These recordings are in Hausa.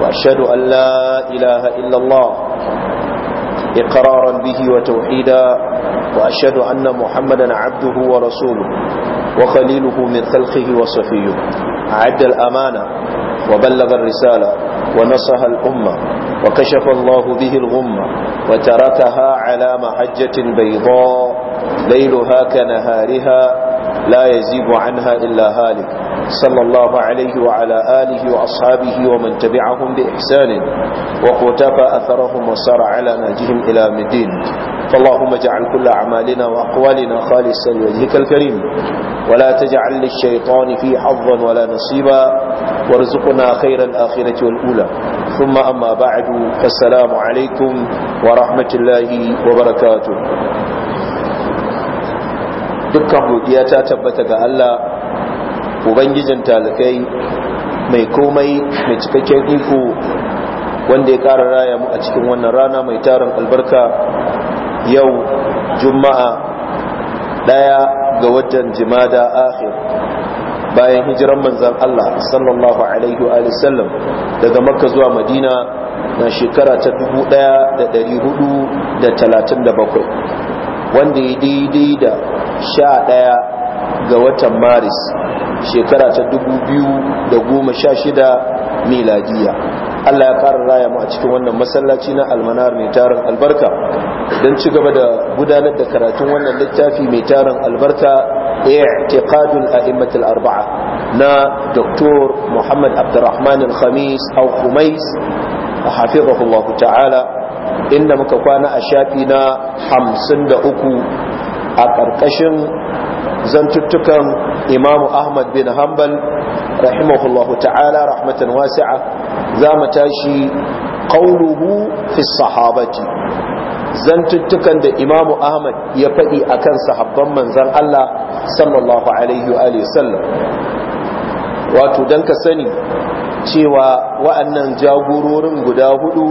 وأشهد أن لا إله إلا الله إقرارا به وتوحيدا وأشهد أن محمدا عبده ورسوله وخليله من خلقه وصفيه عد الأمانة وبلغ الرسالة ونصها الأمة وكشف الله به الغمة وتركها على محجة بيضاء ليلها كنهارها لا يزيب عنها إلا هالك صلى الله عليه وعلى آله وأصحابه ومن تبعهم بإحسان وقتب أثرهم وسار على نهجهم إلى مدين فاللهم اجعل كل أعمالنا وأقوالنا خالصا لوجهك الكريم ولا تجعل للشيطان في حظا ولا نصيبا وارزقنا خير الآخرة والأولى ثم أما بعد فالسلام عليكم ورحمة الله وبركاته dukkan godiya ta tabbata ga Allah ubangijin talikai mai komai mai cikakken iko wanda ya ƙara raya mu a cikin wannan rana mai tarin albarka yau juma'a ɗaya ga watan jimada akhir bayan hijiran manzan Allah sallallahu alaihi wa sallam daga makka zuwa madina na shekara ta 1437 wanda ya daidai da sha ɗaya ga watan maris shekara ta 2016 miladiya Allah ya ƙara raya mu a cikin wannan masallaci na almanar mai tarin albarka don ci gaba da gudanar da karatun wannan littafi mai tarin albarka i'tiqadul a'immatul arba'a na Dr. Muhammad Abdurrahman al-Khamis aw Khumais hafizahullah ta'ala inda muka kwana a shafi na 53 a ƙarƙashin zantuttukan imamu ahmad bin hanbal rahimahullahu ta'ala rahmatan wasi'a za mu tashi qauluhu fi sahabati zantuttukan da imamu ahmad ya faɗi akan sahabban Manzon Allah sallallahu alaihi wa sallam wato dan ka sani cewa wa'annan jagororin guda hudu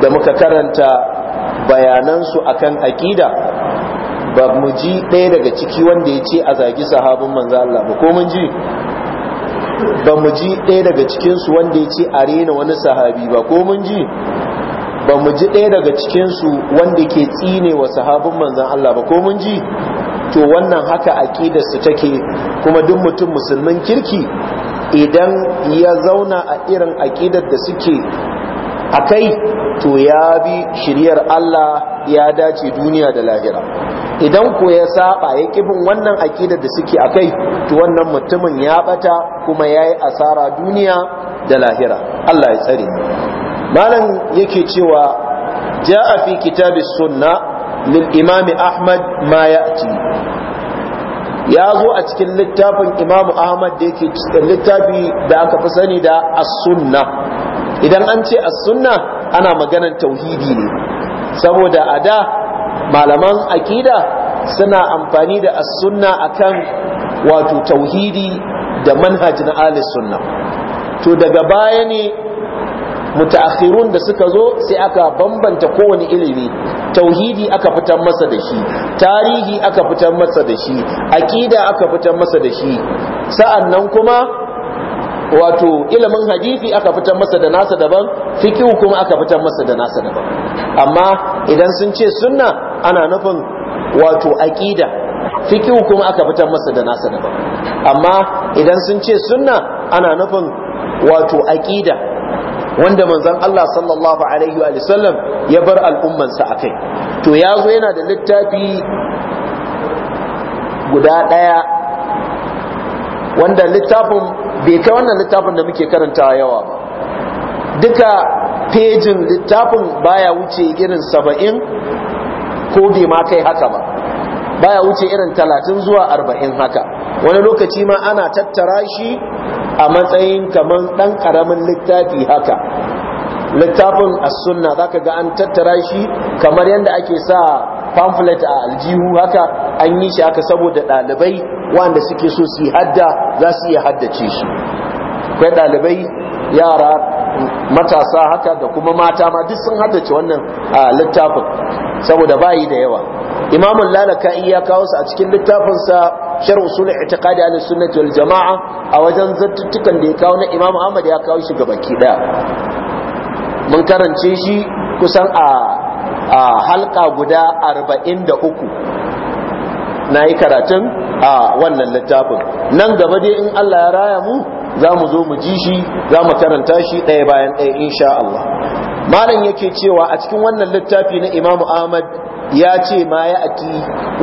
da muka karanta bayanansu akan aƙida ba mu ji ɗaya daga ciki wanda ya ce a zagi sahabin manzo Allah ba ko mun ji ba mu ji ɗaya daga cikinsu wanda ya ce a rena wani sahabi ba ko mun ji ba mu ji ɗaya daga cikinsu wanda ke tsine wa sahabin manzan Allah ba ko mun ji to wannan haka aƙidarsu take kuma duk mutum musulmin kirki idan ya zauna a irin aƙidar da suke a kai to ya bi shiryar Allah ya dace duniya da lahira idan ko ya saba ya kibin wannan akidar da suke akai to wannan mutumin ya bata kuma yayi asara duniya da lahira Allah ya tsare malam yake cewa jaa fi kitabis sunna lil imami ahmad ma ya'ti ya zo a cikin littafin Imam ahmad da yake littafi da aka fi sani da as-sunna idan an ce as-sunna ana maganar tauhidi ne saboda a da malaman akida suna amfani da as-sunna akan wato tauhidi da na ahlus sunna to daga baya ne mutaakhirun da suka zo sai aka bambanta kowane ilimi tauhidi aka fitar masa da shi tarihi aka fitar masa da shi akida aka fitar masa da shi sa'annan kuma wato ilimin hadisi aka fitar masa da nasa daban fikihu kuma aka fitar masa da nasa daban amma idan sun ce sunna ana nufin wato aqida fiqh kuma aka fitar masa da nasa daban amma idan sun ce sunna ana nufin wato aqida wanda manzon Allah sallallahu alaihi wa sallam ya bar al'umman sa akai to yazo yana da littafi guda daya wanda littafin bai kai wannan littafin da muke karantawa yawa ba duka pejin littafin baya wuce irin saba'in ko bai ma kai haka ba baya wuce irin talatin zuwa arba'in haka wani lokaci ma ana tattara shi a matsayin kamar ɗan ƙaramin littafi haka littafin as-sunna zaka ga an tattara shi kamar yadda ake sa pamphlet a aljihu haka an yi shi haka saboda ɗalibai wanda suke so su yi hadda za su iya haddace shi kai ɗalibai yara matasa haka da kuma mata ma duk sun haddace wannan littafin saboda bayi da yawa imamul lalaka'i ya kawo su a cikin littafinsa shar usul i'tiqadi ahli sunnati wal jama'a a wajen zartuttukan da ya kawo na imam ahmad ya kawo shi gabaki daya mun karance shi kusan a a halka guda 43 na yi karatun a wannan littafin nan gaba dai in Allah ya raya mu za mu zo mu ji shi za mu karanta shi ɗaya bayan ɗaya insha Allah malam yake cewa a cikin wannan littafi na Imam Ahmad ya ce ma ya ati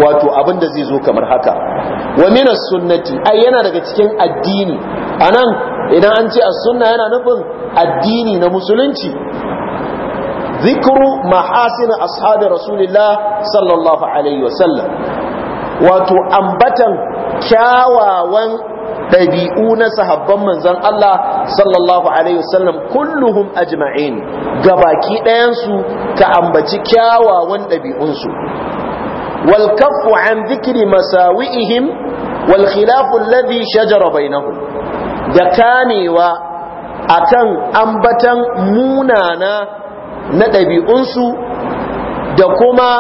wato abin da zai zo kamar haka wa minas sunnati ai yana daga cikin addini anan idan an ce a sunna yana nufin addini na musulunci zikru mahasin ashabi rasulillah sallallahu alaihi sallam wato ambatan kyawawan ɗabi'u na sahabban manzon Allah sallallahu alaihi wasallam kulluhum ajma'in gabaki ɗayansu ka ambaci kyawawan ɗabi'unsu wal an dhikri masawi'ihim walkhilafun khilafu alladhi shajara bainahum da kanewa akan ambatan munana na ɗabi'unsu da kuma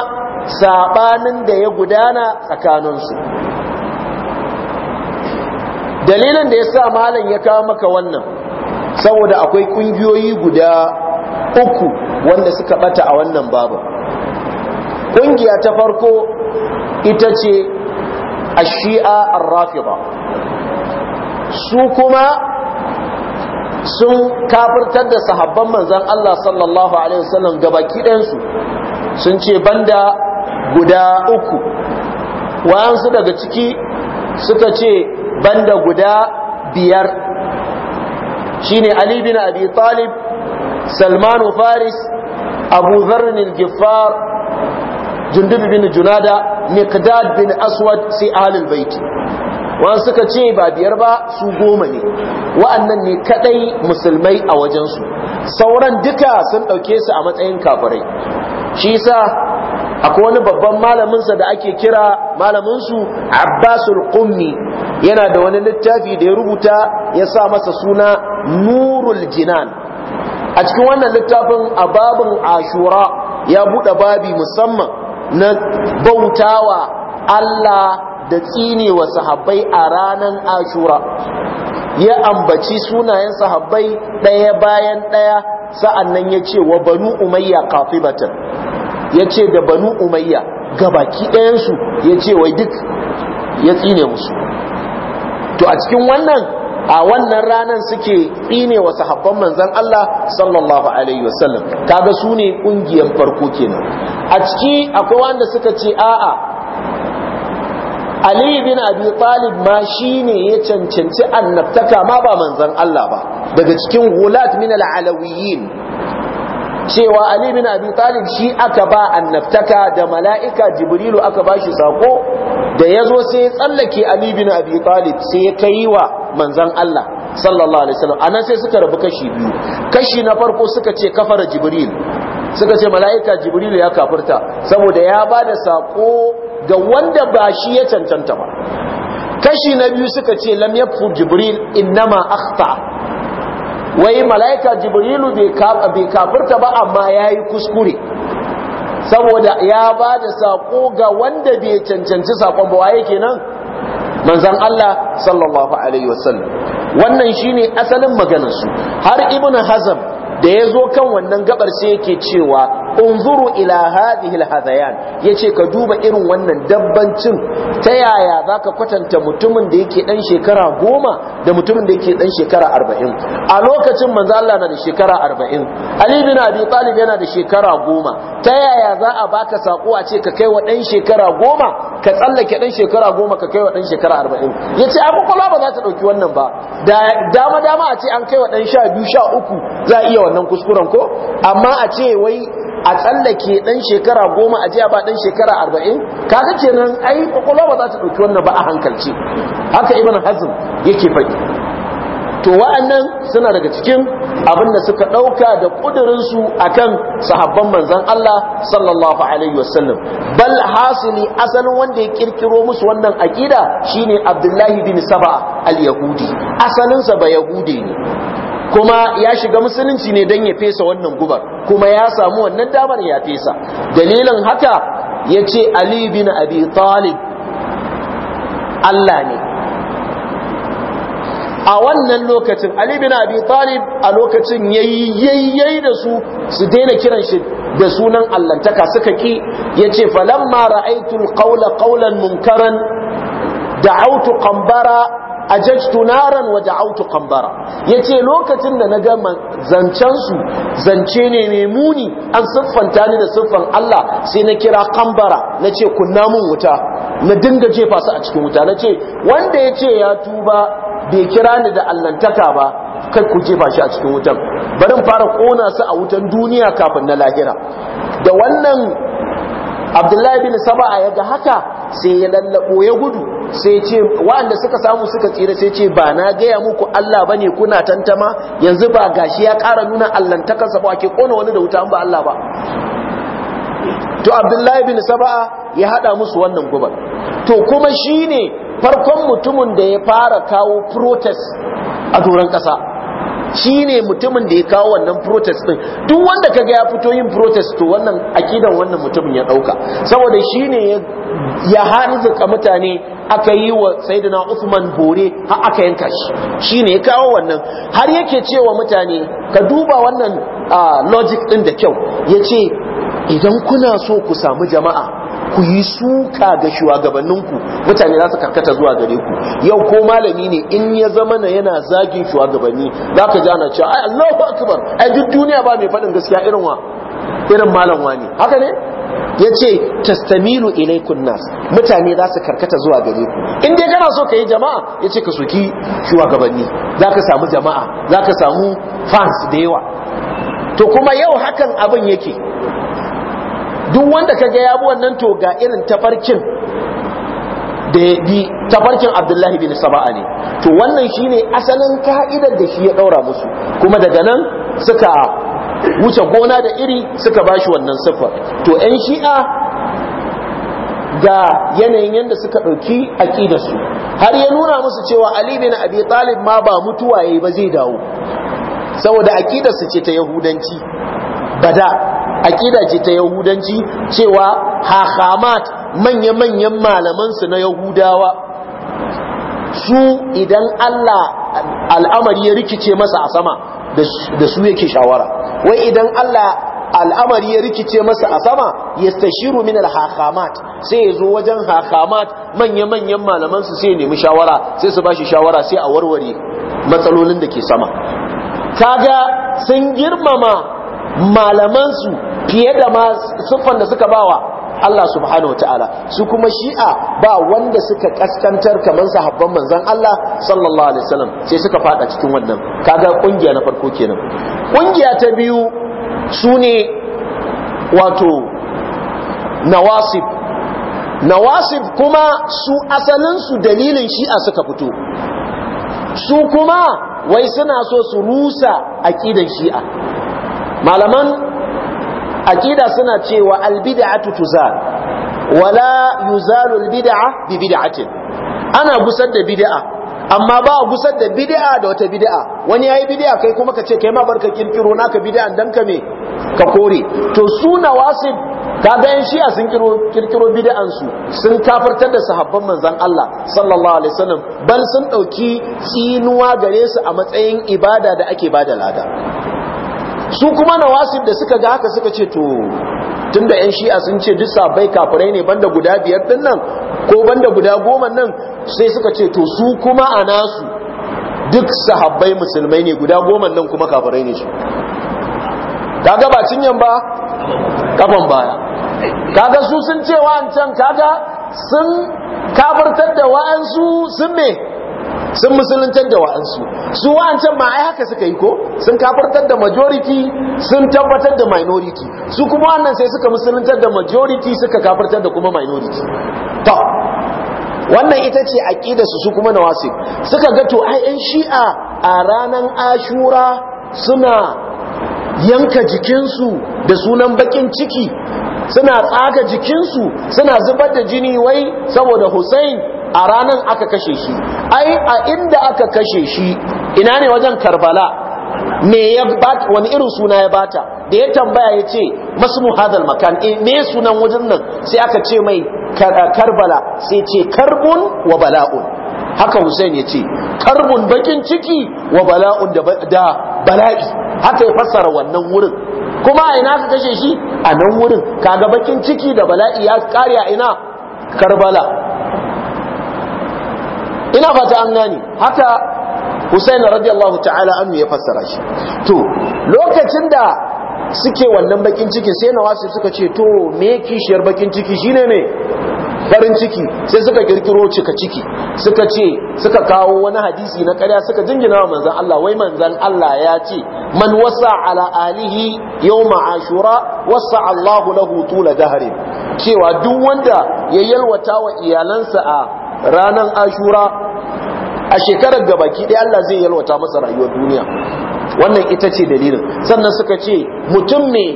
saɓanin da ya gudana tsakaninsu dalilin da ya sa malam ya kawo maka wannan saboda akwai kungiyoyi guda uku wanda suka bata a wannan babu kungiya ta farko ita ce a shia ar ba su kuma sun kafirtar da sahabban manzan Allah sallallahu alaihi wasallam gabaki ɗansu sun ce banda guda uku wayansu daga ciki suka ce banda guda biyar shine Ali bin Abi Talib Salman Faris Abu Dharr al-Ghiffar Jundub bin Junada Miqdad bin Aswad sai ahlul bait wa suka ce ba biyar ba su goma ne wa'annan ne kadai musulmai a wajensu sauran duka sun dauke su a matsayin kafirai shi yasa akwai wani babban malamin sa da ake kira malamin su Abbasul Qummi yana da wani littafi da ya rubuta ya sa masa suna nurul jinan a cikin wannan littafin a babin ashura ya buɗe babi musamman na bautawa Allah da tsine wa sahabbai a ranar ashura ya ambaci sunayen sahabbai ɗaya bayan ɗaya sa'annan ya ce wa banu umayya batan, ya ce da banu umayya ga baki ɗayansu ya ce wai duk ya tsine musu to a cikin wannan a wannan ranar suke tsine wa sahabban manzon Allah sallallahu alaihi wasallam kaga su ne farko kenan a ciki akwai wanda suka ce a'a Ali bin Abi Talib ma shine ya cancanci annabtaka ma ba manzon Allah ba daga cikin gulat min al-alawiyyin cewa Ali bin Abi Talib shi aka ba annabtaka da mala'ika Jibrilu aka ba shi sako da ya zo sai ya tsallake Ali bin Abi Talib sai ya kai wa manzan Allah sallallahu alaihi wasallam anan sai suka rabu kashi biyu kashi na farko suka ce kafara Jibril suka ce mala'ika Jibrilu ya kafirta saboda ya ba da sako ga wanda ba shi ya cancanta ba kashi na biyu suka ce lam yakfur Jibril innama akhta wai mala'ika jibrilu bai kafirta ba amma ya yi kuskure saboda ya ba da saƙo ga wanda bai cancanci saƙon ba waye kenan manzan Allah sallallahu alaihi wasallam wannan shine asalin maganarsu har ibn hazm da ya zo kan wannan gabar sai yake cewa unzuru ila hadhihi alhadayan yace ka duba irin wannan dabbancin ta yaya zaka kwatanta mutumin da yake dan shekara goma da mutumin da yake dan shekara arba'in a lokacin manzo Allah na da shekara arba'in Ali bin Abi Talib yana da shekara goma ta yaya za a baka sako a ce ka kai wa dan shekara goma ka tsallake ɗan shekara goma ka kai wa ɗan shekara arba'in ya ce abin kwalwa ba za ta ɗauki wannan ba dama dama a ce an kai wa ɗan sha biyu sha uku za a iya wannan kuskuren ko amma a ce wai a tsallake ɗan shekara goma a jiya ba ɗan shekara arba'in Ka kaga kenan ai kwakwalwa ba za ta ɗauki wannan ba a hankalci haka ibn hazm yake faɗi to wa'annan suna daga cikin abin da suka ɗauka da ƙudurinsu akan sahabban manzan Allah sallallahu alaihi wasallam bal hasili asalin wanda ya kirkiro musu wannan aƙida shine Abdullahi bin Saba al-Yahudi asalinsa ba Yahudi ne kuma ya shiga musulunci ne don ya fesa wannan gubar kuma ya samu wannan damar ya fesa dalilin haka ya ce ali bin abi talib Allah ne a wannan lokacin Ali bin Abi Talib a lokacin yayi da su su daina kiran shi da sunan allahntaka suka ki yace falamma ra'aytul qawla qawlan munkaran da'awtu qambara ajajtu naran wa da'awtu qambara yace lokacin da naga zancen su zance ne mai muni an siffanta ni da siffan Allah sai na kira qambara nace kunna mun wuta na dinga jefa su a cikin wuta nace wanda yace ya tuba bai kira ni da allantaka ba kai ku jefa shi a cikin wutan bari fara kona su a wutan duniya kafin na lahira da wannan abdullahi bin saba'a ya ga haka sai ya lallabo ya gudu sai ce waɗanda suka samu suka tsira sai ce ba na gaya muku Allah bane kuna tantama yanzu ba gashi ya ƙara nuna allantakarsa ba ake kona wani da wuta ba Allah ba to abdullahi bin saba'a ya hada musu wannan gubar to kuma shine farkon mutumin da ya fara kawo protest a doron ƙasa shi ne mutumin da ya kawo wannan protest ɗin duk wanda ka ga ya fito yin protest to wannan akidan wannan mutumin ya ɗauka saboda shi ne ya harzuka mutane aka yi wa saidina usman bore har aka yanka shi shi ne ya kawo wannan har yake cewa mutane ka duba wannan ah, logic ɗin da kyau ya ce idan kuna so ku samu jama'a ku yi suka ga shugabanninku mutane za su karkata zuwa gare ku yau ko malami ne in ya zama na yana zagin shugabanni za ka jana cewa ai Allahu akbar ai duk duniya ba mai faɗin gaskiya irin wa irin malam wani haka ne ya ce tastamilu ilaikun nas mutane za su karkata zuwa gare ku in dai kana so ka yi jama'a ya ce ka soki shugabanni za ka samu jama'a za ka samu fans da yawa to kuma yau hakan abin yake duk wanda ka ya bi wannan to ga irin tafarkin da ya tafarkin Abdullahi bin Saba'a ne to wannan shine asalin ka'idar da shi ya daura musu kuma daga nan suka wuce gona da iri suka bashi wannan siffa to 'yan shi'a ga yanayin yadda suka ɗauki aƙidarsu har ya nuna musu cewa Ali bin Abi Talib ma ba mutuwa ya yi ba zai dawo saboda aƙidarsu ce ta Yahudanci bada aƙida ce ta yahudanci cewa hakamat manya-manyan malamansu na yahudawa su idan Allah al'amari ya rikice masa a sama da su yake shawara wai idan Allah al'amari ya rikice masa a sama ya stashiru min al-hakamat sai ya zo wajen hakamat manya-manyan malamansu sai nemi shawara sai su ba shi shawara sai a warware matsalolin da ke sama kaga sun girmama malamansu fiye da ma siffan da suka bawa Allah subhanahu ta'ala su kuma shi'a ba wanda suka kaskantar kamar sahabban manzon Allah sallallahu alaihi wasallam sai suka fada cikin wannan kaga kungiya na farko kenan kungiya ta biyu sune wato nawasib nawasib kuma su asalin su dalilin shi'a suka fito su kuma wai suna so su rusa aqidan shi'a malaman aqida suna cewa albid'atu tuzal wala yuzalu albid'a bi bid'atin ana gusar da bid'a amma ba a gusar da bid'a da wata bid'a wani yayi bid'a kai kuma ka ce kai ma barka kirkiro naka bid'an dan ka me ka kore to suna wasib kaga yan shi'a sun kirkiro bid'an su sun kafartar da sahabban manzon Allah sallallahu alaihi wasallam bal sun dauki tsinuwa gare su a matsayin ibada da ake bada lada su kuma nawasib da suka ga haka suka ce to tun da yan shi'a sun ce duk bai kafirai ne banda guda biyar din nan ko banda guda goma nan sai suka ce to su kuma a nasu duk sahabbai musulmai ne guda goma nan kuma kafirai ne su kaga ba cinyan ba kafan baya kaga su sun ce wa'ancan kaga sun kafirtar da wa'ansu sun me sun musuluntar da wa'ansu su wa'ancan ma ai haka suka yi ko sun kafartar da majority sun tabbatar da minority su kuma wannan sai suka musuluntar da majority suka kafartar da kuma minority to wannan ita ce aqida su su kuma nawasi suka ga to ai shi'a a ranan ashura suna yanka jikinsu da sunan bakin ciki suna tsaga jikinsu suna zubar da jini wai saboda Hussein a ranan aka kashe shi ai a inda aka kashe shi ina ne wajen karbala me ya wani irin suna ya bata da ya tambaya ya ce masu hadal makan eh, me sunan wajen nan sai aka ce mai eh, karbala sai ce karbun wa bala'un haka Hussein ya ce karbun bakin ciki wa bala'un da bala'i haka ya fassara wannan wurin kuma a ina ka kashe shi a nan wurin kaga bakin ciki da bala'i ya kare a ina karbala ina fata an gani haka Husain radiyallahu ta'ala anhu ya fassara shi to lokacin da suke wannan bakin ciki sai nawasi suka ce to me kishiyar bakin ciki shine ne farin ciki sai suka kirkiro cika ciki suka ce suka kawo wani hadisi na karya suka jingina wa manzan Allah wai manzan Allah ya ce man wasa ala alihi yawma ashura wasa Allahu lahu tula dahri cewa duk wanda ya yalwata wa iyalansa a Ranan ashura a shekarar gabaki ɗaya Allah zai yalwata masa rayuwar duniya wannan ita ce dalilin sannan suka ce mutum ne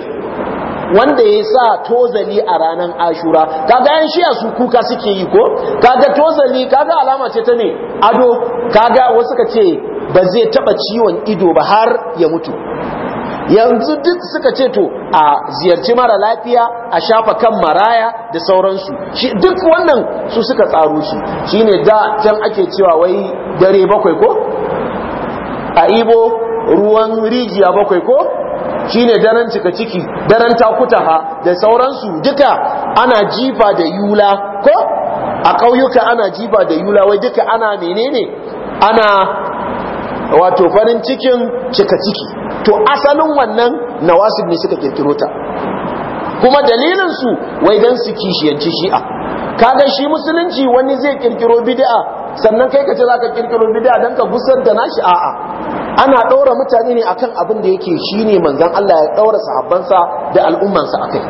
wanda ya sa tozali a ranar ashura kaga yan shiya su kuka suke yi ko kaga tozali kaga alama ce ta ne ado kaga wasu ka ce ba zai taɓa ciwon ido ba har ya mutu yanzu duk suka ce to a ziyarci mara lafiya a shafa kan maraya da sauransu duk wannan su suka tsaro shi shine da can ake cewa wai dare bakwai ko a ibo ruwan rijiya bakwai ko shine daren cika ciki daren takutaha da sauransu duka ana jifa da yula ko a ƙauyuka ana jifa da yula wai duka ana menene ana wato farin cikin cika ciki to asalin wannan na nawasib ne suka kirkiro ta kuma dalilin su wai dan su kishiyanci shi'a kaga shi musulunci wani zai kirkiro bid'a sannan kai ka ce ka kirkiro bid'a don ka gusar da nashi a'a ana ɗaura mutane ne akan abin da yake shine manzon Allah ya ɗaura sahabbansa da al'ummansa a kai.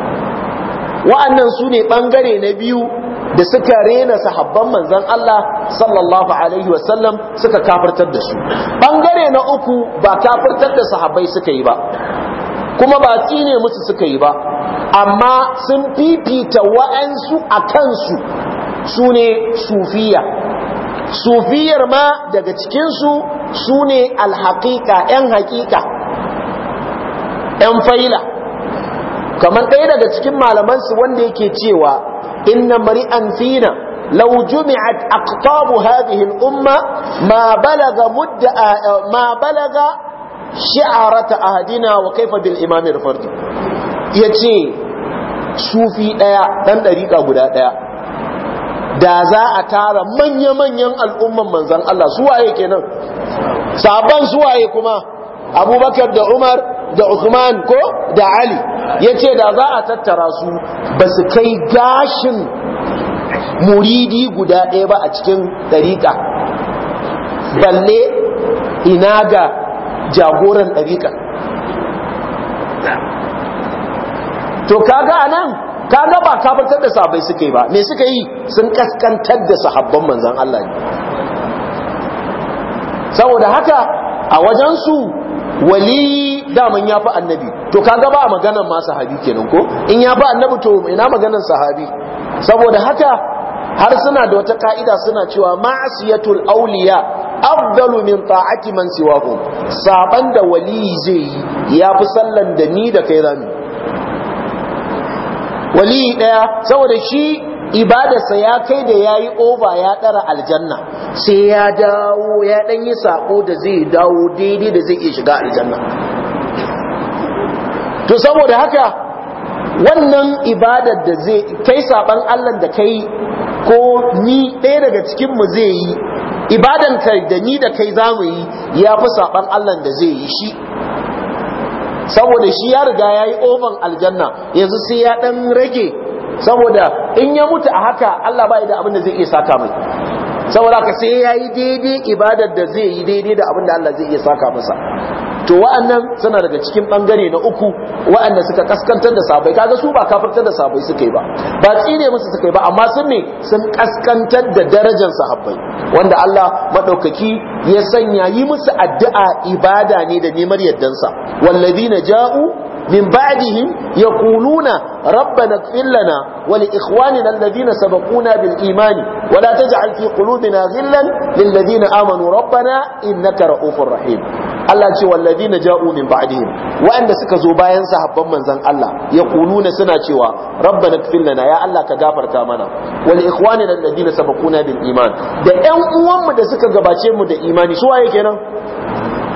wa'annan su ne ɓangare na biyu da suka rena sahabban manzon Allah sallallahu alaihi wasallam suka kafirtar da su bangare na uku ba kafirtar da sahabbai suka yi ba kuma ba tsine musu suka yi ba amma sun fifita wa'ansu a kansu su ne sufiya sufiyar ma daga cikinsu su ne alhaƙiƙa 'yan haƙiƙa 'yan faila kamar ɗaya daga cikin malamansu wanda yake cewa إن مرئا فينا لو جمعت أقطاب هذه الأمة ما بلغ مد ما بلغ شعارة أهدنا وكيف بالإمام الفرد يتي sufi ɗaya ɗan ɗariƙa guda ɗaya da za a tara manya-manyan al'umman manzan Allah suwaye kenan sabon suwaye kuma abubakar da umar da usman ko da ali ya ce da za a tattara su ba su kai gashin muridi guda ɗaya ba a cikin ɗariƙa balle ina ga jagoran ɗariƙa to kaga anan kaga ba kafartar da bai suka ba me suka yi sun kaskantar da sahabban manzan Allah ne saboda haka a wajensu wali daman ya fi annabi to kaga ba maganan ma sahabi kenan ko in ya fi annabi to ina maganan sahabi saboda haka har suna da wata ka'ida suna cewa ma'asiyatul auliya afdalu min ta'ati man siwahum saban da wali zai yi ya fi sallan da ni da kai zamu wali daya saboda shi ibadarsa ya kai da ya yi ova ya ɗara aljanna sai ya dawo ya ɗan yi saƙo da zai dawo daidai da zai iya shiga aljanna to saboda haka wannan ibadar da zai kai saban Allah da kai ko ni ɗaya daga cikin mu zai yi ibadan kai da ni da kai zamu yi ya fi saban Allah da zai yi shi saboda shi ya riga ya yi oban aljanna yanzu sai ya dan rage saboda in ya mutu a haka Allah bai da abin da zai iya saka mai saboda ka sai ya yi daidai ibadar da zai yi daidai da abin da Allah zai iya saka masa to wa'annan suna daga cikin bangare na uku wa'annan suka kaskantar da sabai kaga su ba kafirtar da sabai suka yi ba ba tsine musu suka yi ba amma sun ne sun kaskantar da darajar sahabbai wanda Allah madaukaki ya sanya yi musu addu'a ibada ne da neman yardansa walladina ja'u min ba'dihim yaquluna ربنا اغفر لنا ولإخواننا الذين سبقونا بالإيمان ولا تجعل في قلوبنا غلا للذين آمنوا ربنا إنك رؤوف رحيم Allah ce wallazi na ja'u min ba'dihim wa'anda suka zo bayan sahabban manzon Allah ya kuluna suna cewa rabbana ighfir lana ya Allah ka gafarta mana wal ikhwanina alladhina sabaquna bil iman da ƴan uwanmu da suka gabace mu da imani su waye kenan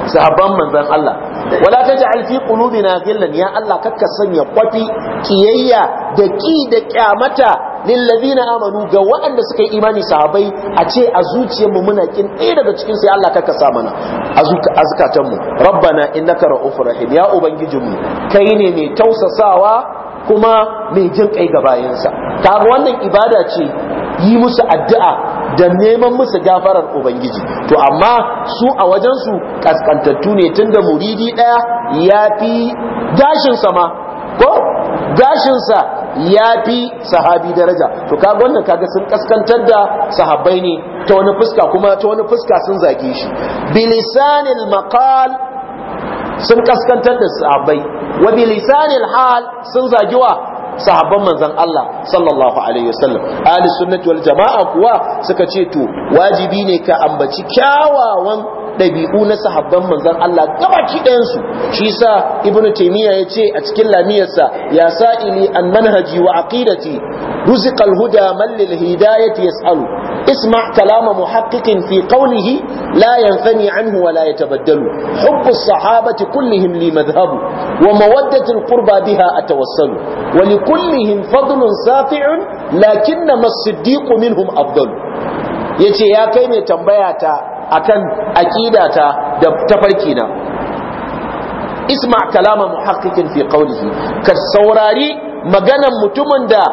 sahabban manzon Allah wala ta alfi fi qulubina gillan, ya Allah kakka sanya kwafi kiyayya da ki da kyamata lillazina amanu ga waɗanda suka yi imani sahabbai a ce a mu muna kin ɗaya daga cikin sai Allah kakka sa mana a zukatanmu rabbana na ra'ufur rahim ya ubangijinmu kai ne mai tausasawa kuma mai jin kai ga bayansa kaga wannan ibada ce yi musu addu'a da neman musu gafarar ubangiji to amma su a wajen su kaskantattu ne tun da muridi ɗaya ya fi gashinsa ma ko gashinsa ya fi sahabi daraja to kaga wannan kaga sun kaskantar da sahabbai ne ta wani fuska kuma ta wani fuska sun zage shi bilisanil maqal sun kaskantar da sahabbai wa bilisanil hal sun zagiwa sahabban manzon Allah sallallahu alaihi wasallam ahli sunnati wal jama'a kuwa suka ce to wajibi ne ka ambaci kyawawan ɗabi'u na sahabban manzan Allah gabaki ɗayansu shi sa ibn taymiya ya ce a cikin lamiyarsa ya sa'ili an manhaji wa huda, aqidati ruzq al huda man lil hidayati yas'alu اسمع كلام محقق ya tabaddalu. لا ينفني kullihim ولا يتبدل حب الصحابة كلهم a ومودة القربى بها أتوسل ولكلهم فضل nama لكنما الصديق منهم Yace ya kai كيمة tambayata. akan aqidata da tafarki na isma kalama muhaqqiqin fi qawlihi ka saurari maganan mutumin da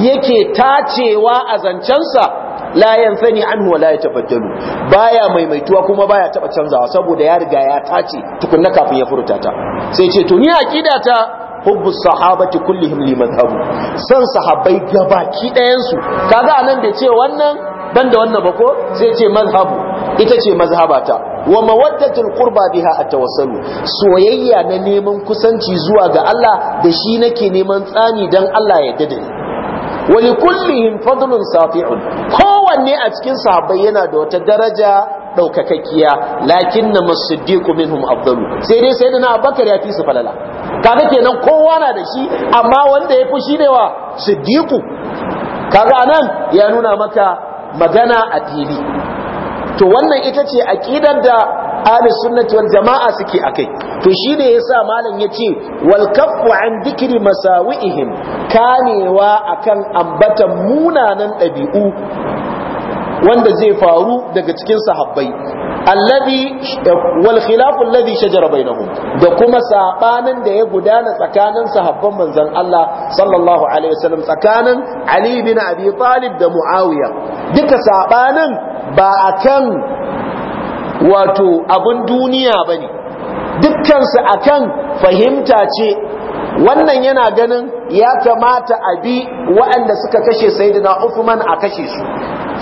yake tacewa a zancensa la yanfani anhu wa la yatafaddalu baya maimaituwa kuma baya taba canzawa saboda ya riga ya tace tukunna kafin ya furta ta sai ce to ni aqida ta hubbu sahabati kullihim li madhhabu san sahabbai gabaki dayan su kaga anan da ce wannan banda wannan ba ko sai ce madhhabu ita ce mazhabata wa mawaddatul qurba biha at-tawassul soyayya na neman kusanci zuwa ga Allah da shi nake neman tsani dan Allah ya dade. da ni wa likullihim fadlun safi'un kowanne a cikin sahabbai yana da wata daraja daukakakkiya lakin na masiddiqu minhum afdalu sai dai sai na abakar ya fi su falala kaga kenan kowa na da shi amma wanda ya fi shi ne wa siddiqu kaga nan ya nuna maka magana a fili to wannan ita ce aqidar da ahli sunnati wal jama'a suke akai to shine yasa malam yace wal kaffu an dhikri masawi'ihim kanewa akan ambatan munanan dabi'u wanda zai faru daga cikin sahabbai alladhi wal khilaf alladhi shajara bainahum da kuma sabanin da ya gudana tsakanin sahabban manzon Allah sallallahu alaihi wasallam tsakanin Ali bin Abi Talib da Muawiya duka sabanin ba akan wato abin duniya ba ne dukkansu akan fahimta ce wannan yana ganin ya kamata a bi waɗanda suka kashe sayyidina Uthman a kashe su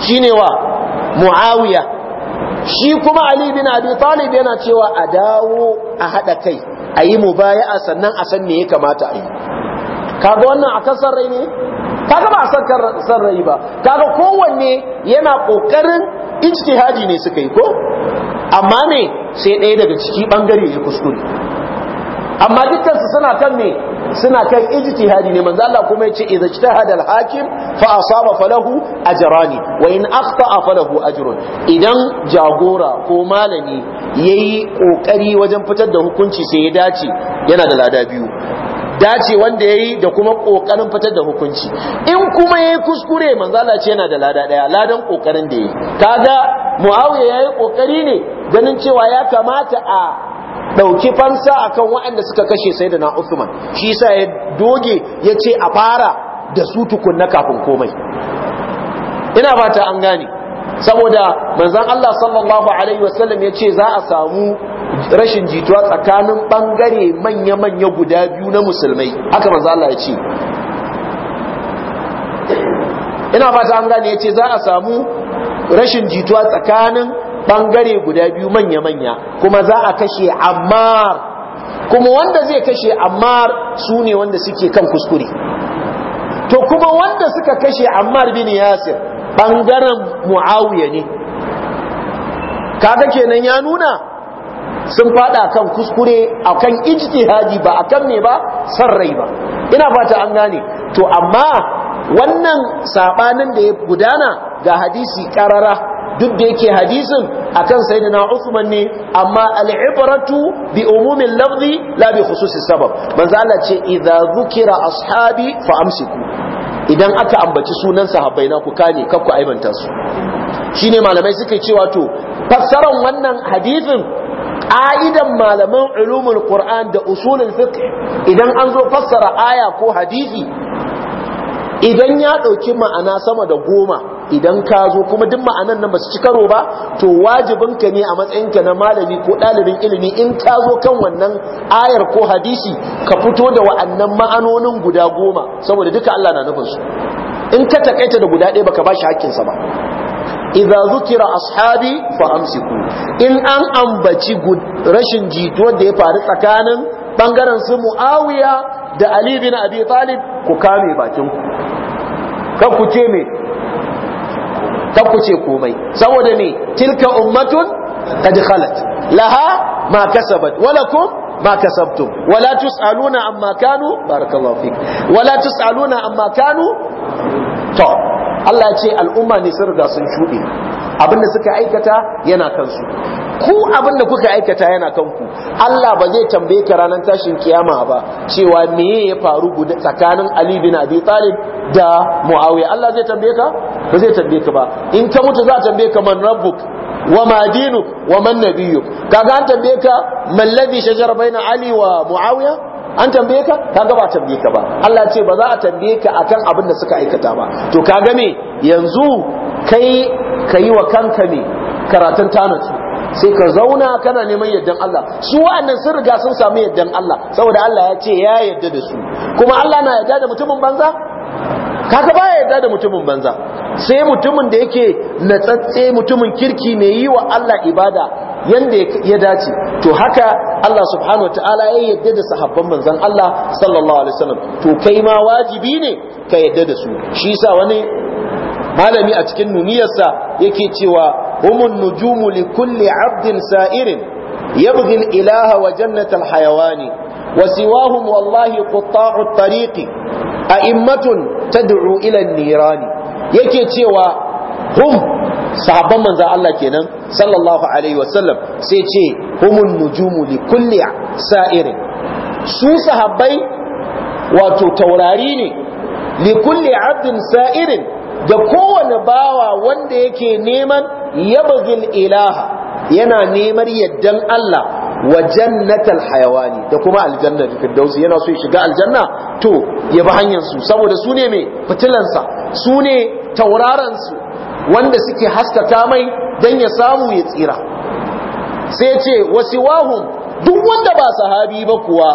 shine wa Muawiya shi kuma Ali bin Abi Talib yana cewa a dawo a haɗa kai a yi a sannan a san me ya kamata a yi kaga wannan a kasar rai ne kaga ba san san rai ba kaga kowanne yana kokarin ijtihadi ne suka yi ko amma ne sai ɗaya daga ciki bangare ya kuskure amma dukkan su suna kan me suna kan ijtihadi ne manzo Allah kuma yace idza ijtahada al-hakim fa asaba falahu ajrani wa in akhta'a falahu ajrun idan jagora ko malami yayi kokari wajen fitar da hukunci sai ya dace yana da lada biyu dace wanda yayi da kuma kokarin fitar da hukunci in kuma yayi kuskure manzo ce yana da lada daya ladan kokarin da yayi kaga Muawiya yayi kokari ne ganin cewa ya kamata a dauki fansa akan waɗanda suka kashe sayyidina Uthman shi yasa ya doge ya ce a fara da su tukunna kafin komai ina fata an gane saboda manzan Allah sallallahu alaihi wasallam ya ce za a samu rashin jituwa tsakanin bangare manya-manya guda biyu na musulmai haka manzan Allah ya ce ina fata an gane ya ce za a samu rashin jituwa tsakanin bangare guda biyu manya-manya kuma za a kashe ammar kuma wanda zai kashe ammar su ne wanda suke kan kuskure to kuma wanda suka kashe ammar bin yasir ɓangaren mu'awiyya ne kaga kenan ya nuna sun faɗa kan kuskure akan ijtihadi ba a kan ne ba san rai ba ina fata an gane to amma wannan saɓanin da ya gudana ga hadisi ƙarara duk da yake hadisin akan na Usman ne amma al'ibratu bi umumin lafzi la bi sabab manzo Allah ce idza zukira ashabi fa amsiku idan aka ambaci sunan sahabbai na ku kane kakku aibanta su shine malamai suke cewa to fassaran wannan hadithin a'idan malaman ulumul qur'an da usulul fiqh idan an zo fassara aya ko hadisi idan ya ɗauki ma'ana sama da goma idan ka zo kuma duk ma'anan nan basu ci karo ba to wajibin ka ne a matsayin ka na malami ko ɗalibin ilimi in ka zo kan wannan ayar ko hadisi ka fito da wa'annan ma'anonin guda goma saboda duka Allah na nufin su in ka takaita da guda ɗaya baka ba shi hakkinsa ba idza zukira ashabi fa amsiku in an ambaci rashin jituwar da ya faru tsakanin bangaren su muawiya da ali bin abi talib ku kame bakin ku kan ku ce me kan ku ce komai saboda me tilka ummatun qad khalat laha ma kasabat wa lakum ma kasabtum wa la tusaluna amma kanu barakallahu fik wa la tusaluna amma kanu to Allah ya ce al'umma ne sun riga sun shuɗe abinda suka aikata yana kansu ku abin da kuka aikata yana kanku Allah ba zai tambaye ka ranar tashin kiyama ba cewa me ya faru tsakanin Ali bin Abi Talib da Muawiya Allah zai tambaye ka ba zai tambaye ka ba in ka mutu za a tambaye ka man rabbuk wa ma dinuk wa man nabiyyuk kaga an tambaye ka man ladhi shajar baina Ali wa Muawiya an tambaye ka kaga ba tambaye ka ba Allah ce ba za a tambaye ka akan abin da suka aikata ba to kaga me yanzu kai kayi wa kanka ne karatun tanatu sai ka zauna kana neman yardan Allah su wa'annan sun riga sun samu yardan Allah saboda Allah ya ce ya yarda da su kuma Allah na yarda da mutumin banza kaga ba ya yarda da mutumin banza sai mutumin da yake natsatse mutumin kirki mai yi wa Allah ibada yanda ya dace to haka Allah subhanahu wataala ya yarda da sahabban manzon Allah sallallahu alaihi wasallam to kai ma wajibi ne ka yarda da su shi yasa wani malami a cikin nuniyarsa yake cewa humun nujumu li kulli abdin irin. yabghi al-ilaha wa jannata al-hayawani wa siwahum wallahi qutta'u at-tariqi a'immatun tad'u ila an-nirani yake cewa hum sahabban manzan Allah kenan sallallahu alaihi wasallam sai ce humun nujumu li kulli sa'irin su sahabbai wato taurari ne li kulli abdin sa'irin da kowane bawa wanda yake neman yabghil ilaha yana neman yaddan Allah wa jannatal hayawani da kuma aljanna firdausi yana so ya shiga aljanna to ya bi hanyar su saboda su ne me fitilansa su ne tauraron su wanda suke haskata mai dan ya samu ya tsira sai ce wasiwahum duk wanda ba sahabi ba kuwa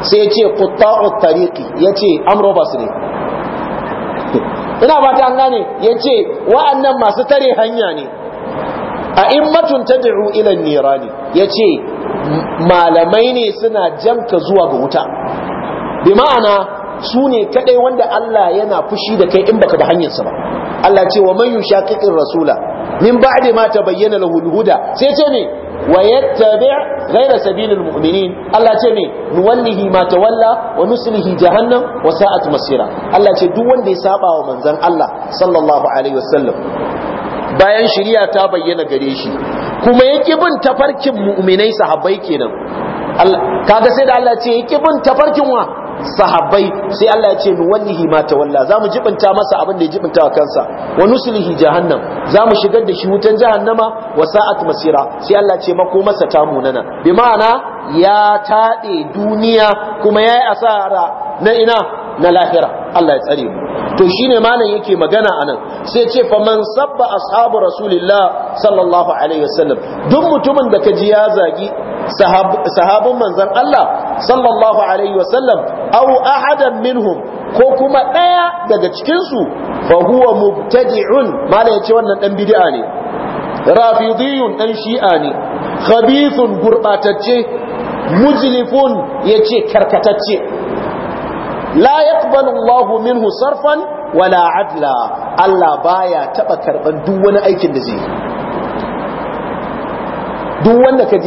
sai ce qutta'ut tariqi yace amro ba ne ina ba ta gane ya ce wa'annan masu tare hanya ne a immatun tad'u ila ne. nirani yace malamai ne suna janka zuwa ga wuta bi ma'ana su ne kadai wanda Allah yana fushi da kai in baka da hanyarsa ba Allah ce wa man yushaqiqir rasula min ba'de ma tabayyana lahu al-huda sai ce ne wa yattabi' ghayra sabilil mu'minin Allah ce me nuwallihi ma tawalla wa nuslihi jahannam wa sa'at masira Allah ce duk wanda ya saɓa wa manzon Allah sallallahu alaihi wasallam bayan shari'a ta bayyana gare shi kuma yake bin tafarkin mu'minai sahabbai kenan kaga sai da Allah ce yake bin tafarkin wa sahabbai sai Allah ya ce nu wallahi ma tawalla zamu jibinta masa abin da ya jibinta wa kansa wa nuslihi jahannam zamu shigar da shi wutan jahannama wa sa'at masira sai Allah ya ce mako masa ta munana bi ma'ana ya tade duniya kuma yayi asara na ina na lahira Allah ya tsare mu to shine malam yake magana anan sai ce fa man sabba ashabu rasulillah sallallahu alaihi wasallam duk mutumin da ka ji ya zagi sahabin manzon Allah sallallahu alaihi wasallam aw ahadan minhum ko kuma ɗaya daga cikin su fa mubtadi'un mala wannan dan bid'a ne rafidiyun dan shi'a ne khabithun gurbatacce mujlifun yace karkatacce la minhu sarfan wala Allah baya taba karban duk wani aikin da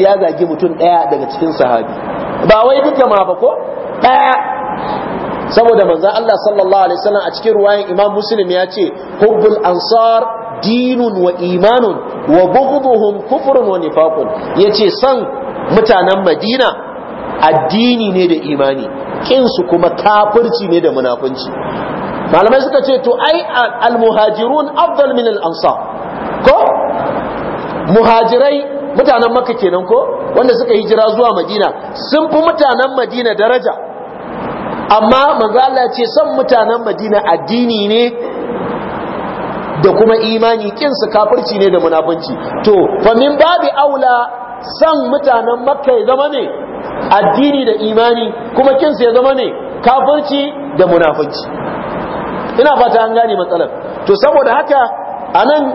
ya zagi mutum daga cikin sahabi ba wai saboda manzon Allah sallallahu alaihi wasallam a cikin ruwayan Imam Muslim ya ce hubbul ansar dinun wa imanun wa bughduhum kufrun wa nifaqun ce san mutanen Madina addini ne da imani kin su kuma kafirci ne da munafunci malamai suka ce to ai al-muhajirun afdal min al-ansar ko muhajirai mutanen makka kenan ko wanda suka hijira zuwa madina sun fi mutanen madina daraja amma manzo Allah ya ce son mutanen Madina addini ne da kuma imani kin su kafirci ne da munafunci to fa min babi aula san mutanen Makka ya zama ne addini da imani kuma kin su ya zama ne kafirci da munafunci ina fata an gane matsalar to saboda haka anan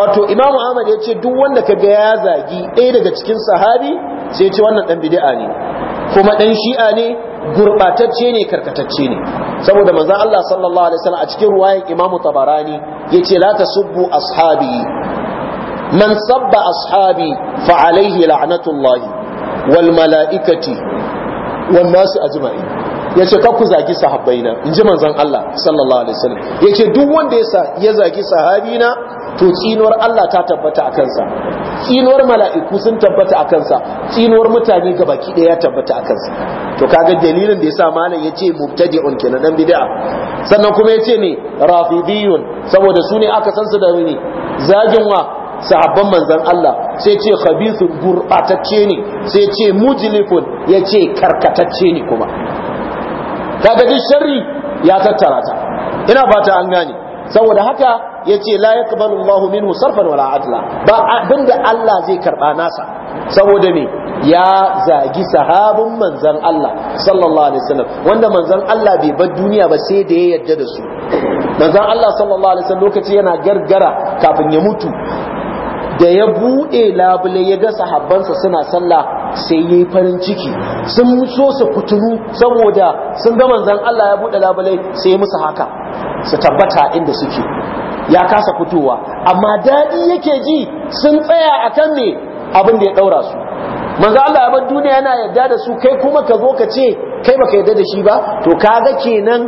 wato imamu ahmad ya ce duk wanda kaga ya zagi ɗaya daga cikin sahabi sai ya ce wannan dan bid'a ne kuma dan shi'a ne gurbatacce ne karkatacce ne saboda manzon Allah sallallahu alaihi wasallam a cikin ruwayan Imam Tabarani yace la tasubbu ashabi man sabba ashabi fa alaihi la'natullahi wal mala'ikati wan nasu ajma'in yace ka ku zagi sahabbaina inji manzon Allah sallallahu alaihi wasallam yace duk wanda ya zagi sahabina to tsinuwar Allah ta tabbata a kansa tsinuwar mala'iku sun tabbata a kansa tsinuwar mutane ga baki ɗaya tabbata a kansa to kaga dalilin da ya yasa malam ya yace mubtadi'un kenan dan bid'a sannan kuma ya yace ne rafidiyun saboda su ne aka san su da wuni zagin wa sahabban manzon Allah sai ce khabithu gurbatacce ne sai ce mujlifun ce karkatacce ne kuma kaga duk sharri ya tattara ta ina fata an gane saboda haka yace la yaqbalu Allahu minhu sarfan wala adla ba abinda Allah zai karba nasa saboda me ya zagi sahabun manzon Allah sallallahu alaihi wasallam wanda manzon Allah bai bar duniya ba sai da ya yarda da su manzon Allah sallallahu alaihi wasallam lokaci yana gargara kafin ya mutu da ya buɗe labule ya ga sahabbansa suna sallah sai yayi farin ciki sun so su kuturu saboda sun ga manzon Allah ya buɗe labule sai musu haka su tabbata inda suke ya kasa fitowa amma daɗi yake ji sun tsaya akan me abin da ya daura su manzon Allah ya bar duniya yana yadda da su kai kuma ka zo ka ce kai baka yarda da shi ba to kaga kenan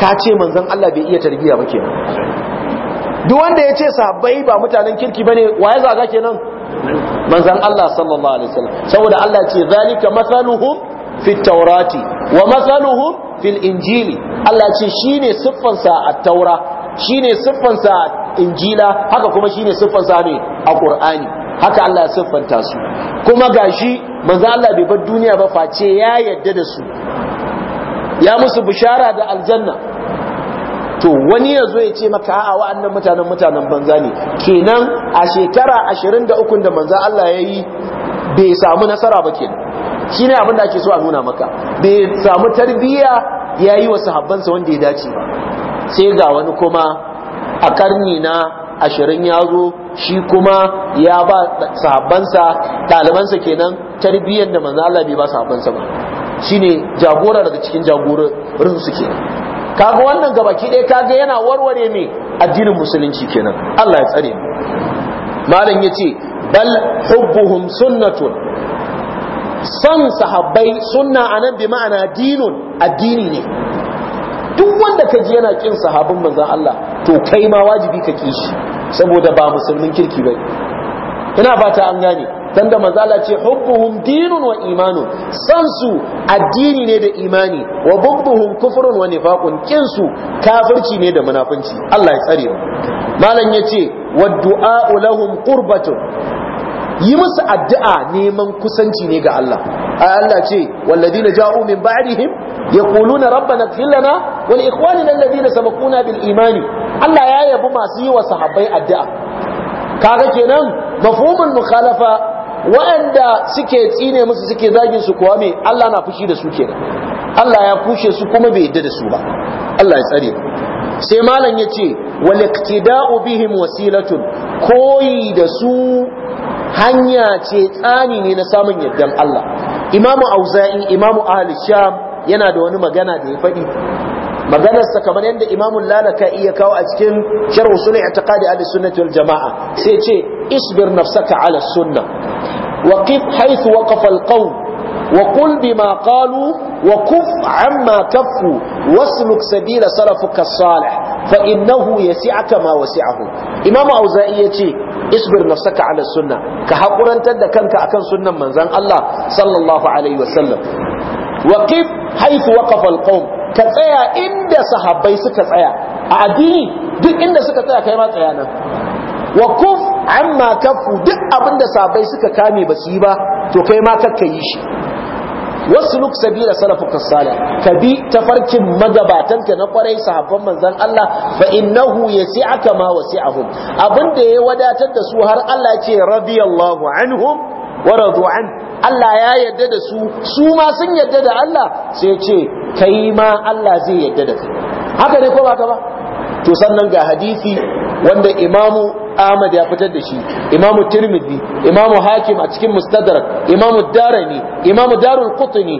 ka ce manzon Allah bai iya tarbiya ba kenan duk wanda ya ce sahabbai ba mutanen kirki bane ya zaga kenan manzon Allah sallallahu alaihi wasallam saboda Allah ce zalika mathaluhum fi tawrati wa mathaluhum fil injili Allah ce shine sa a taura shine siffan a injila haka kuma shine sa ne a qur'ani haka Allah ya siffanta su kuma gashi manzon Allah bai bar duniya ba face ya yadda da su ya musu bishara da aljanna to wani ya zo ya ce maka a'a wa'annan mutanen mutanen banza ne kenan a shekara 23 da manza Allah ya yi bai samu nasara ba kenan shi abin da ake so a nuna maka bai samu tarbiyya ya yi wa sahabbansa wanda ya dace ba sai ga wani kuma a karni na ashirin ya zo shi kuma ya ba sahabbansa ɗalibansa kenan tarbiyyar da manzo Allah bai ba sahabbansa ba shine jagorar da cikin jagorin su kenan kaga wannan gaba gabaki ɗaya kaga yana warware me addinin musulunci kenan Allah ya tsare mu malam yace bal hubbuhum sunnatun san sahabbai sunna anan bi ma'ana dinun addini ne duk wanda ka ji yana kin sahabin manzon Allah to kai ma wajibi ka kishi saboda ba musulmin kirki bai. ina fata an gane Tanda da manzo Allah ce hubbuhum dinun wa imanu, san su addini ne da imani wa bughdhuhum kufrun wa nifaqun kin su kafirci ne da munafunci Allah ya tsare malam yace wa du'a lahum qurbatun yi musu addu'a neman kusanci ne ga Allah Allah ce walladina ja'u min ba'dihim yaquluna rabbana ighfir lana wa li ikhwanina alladhina sabaquna bil imani Allah ya yabi masu yi wa sahabbai addu'a kaga kenan mafhumul mukhalafa waɗanda suke tsine musu suke zagin su kuwa me Allah na fushi da su kenan Allah ya fushe su kuma bai yadda da su ba Allah ya tsare sai malam yace wal da'o bihim wasilatun koyi da su hanya ce tsani ne na samun yardan Allah imamu auza'i imamu ahli sham yana da wani magana da ya faɗi maganarsa kamar yadda imamun lalaka iya kawo a cikin shirin sunan itikadi a sunnati wal jama'a sai ce isbir nafsaka ala sunna wa qif haythu waqafa alqawm wa qul bima qalu wa kuf amma kaffu wasluk sabila salafuka salih fa innahu yasi'uka ma wasi'ahu imamu auza'i yace isbir nafsaka ala sunna ka hakurantar da kanka akan sunnan manzon Allah sallallahu alaihi wasallam wa qif haythu waqafa alqawm ka tsaya inda sahabbai suka tsaya a addini duk inda suka tsaya kai ma tsaya nan wa kuf amma kafu duk abinda sahabbai suka kame ba su yi ba to kai ma kakka yi shi wasluk sabila salafukas salih ka bi tafarkin magabatanka na kwarai sahabban manzon Allah fa innahu aka ma Abun abinda ya wadatar da su har Allah ce radiyallahu anhum wa Allah ya yarda da su su ma sun yarda da Allah sai ce kai ma Allah zai yarda da kai haka ne ko ba ka ba to sannan ga hadisi wanda imamu Ahmad ya fitar da shi Imam Tirmidhi Imam Hakim a cikin Mustadrak Imam Darani Imam Darul Qutni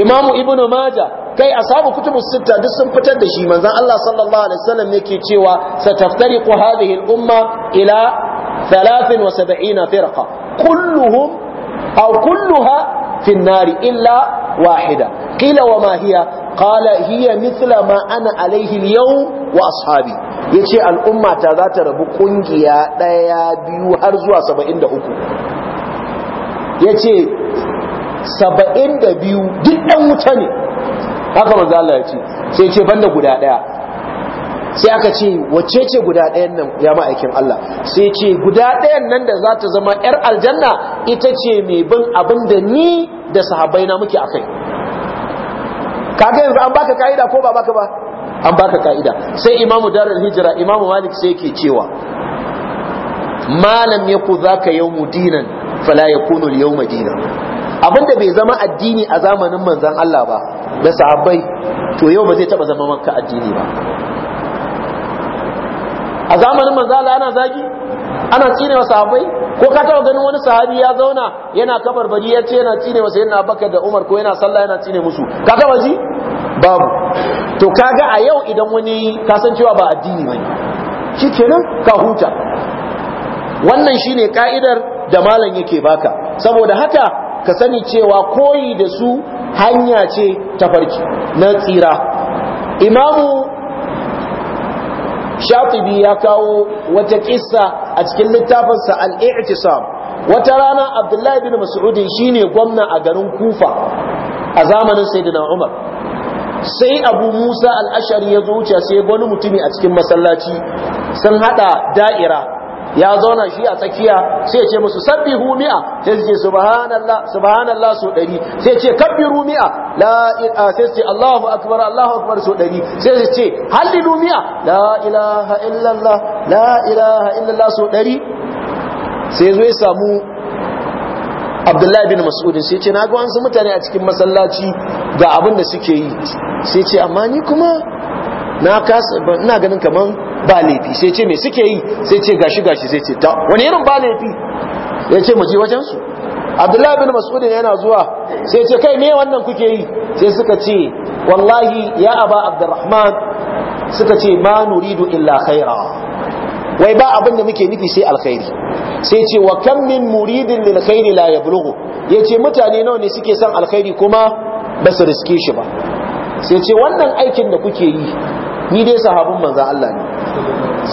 Imam Ibn Majah kai ashabu kutubus sitta duk sun fitar da shi manzon Allah sallallahu alaihi wasallam yake cewa sataftariqu hadhihi al-umma ila 73 firqa Kulluhu a kulluha fi illa wahida Ƙila wa ma hiya qala hiya mithla ma ana alaihi yau wa ashabi yace al'umma ta za ta rabu ƙungiya ɗaya biyu har zuwa 73 yace 72 duk ɗan wuta ne haka manzo Allah ya ce sai ce banda guda ɗaya. sai aka ce wacce ce guda ɗayan nan ya ma'aikin Allah sai ce guda ɗayan nan da za ta zama 'yar aljanna ita ce mai bin abin da ni da sahabbai na muke kai. kaga yanzu an baka ka'ida ko ba baka ba an baka ka'ida sai imamu darul hijira imamu malik sai yake cewa malam ya yaku zaka yawmu dinan fala yakunu yawma dinan abinda bai zama addini a zamanin manzon Allah ba da sahabbai to yau ba zai taba zama maka addini ba a zamanin manzo Allah ana zagi ana cine wa sahabbai ko ka taba ganin wani sahabi ya zauna yana kabar bari ya ce yana tsine wa sayyidina Abubakar da Umar ko yana sallah yana tsine musu ka taba ji babu to kaga a yau idan wani cewa ba addini bane kenan ka huta wannan shine ka'idar da malam yake baka saboda haka ka sani cewa koyi da su hanya ce ta farki na tsira imamu shatibi ya kawo wata kissa a cikin littafinsa al-i'tisam wata rana abdullahi bin mas'ud shine gwamna a garin kufa a zamanin sayyidina umar sai abu musa al-ashari ya zo wuce sai wani mutumi a cikin masallaci sun hada da'ira ya zauna shi a tsakiya sai ya ce musu sabbi mi'a sai su ce subhanallah subhanallah su 100 sai ce kabbiru mi'a la sai su ce Allahu akbar Allahu akbar su 100 sai su ce hallilu mi'a la ilaha illallah la ilaha illallah su 100 sai zo ya samu Abdullahi bin Mas'ud sai ce na ga wasu mutane a cikin masallaci ga abin da suke yi sai ce amma ni kuma na kasa ina ganin kaman ba laifi sai ce me suke yi sai ce gashi gashi sai ce ta wani irin ba laifi ya ce mu je wajen su abdullahi bin mas'udin yana zuwa sai ce kai me wannan kuke yi sai suka ce wallahi ya aba abdurrahman suka ce ma nuridu illa khaira wai ba abin da muke nufi sai alkhairi sai ce wa kam min muridin lil khairi la yablughu yace mutane nawa ne suke son alkhairi kuma ba su riske shi ba sai ce wannan aikin da kuke yi ni dai sahabin manzon Allah ne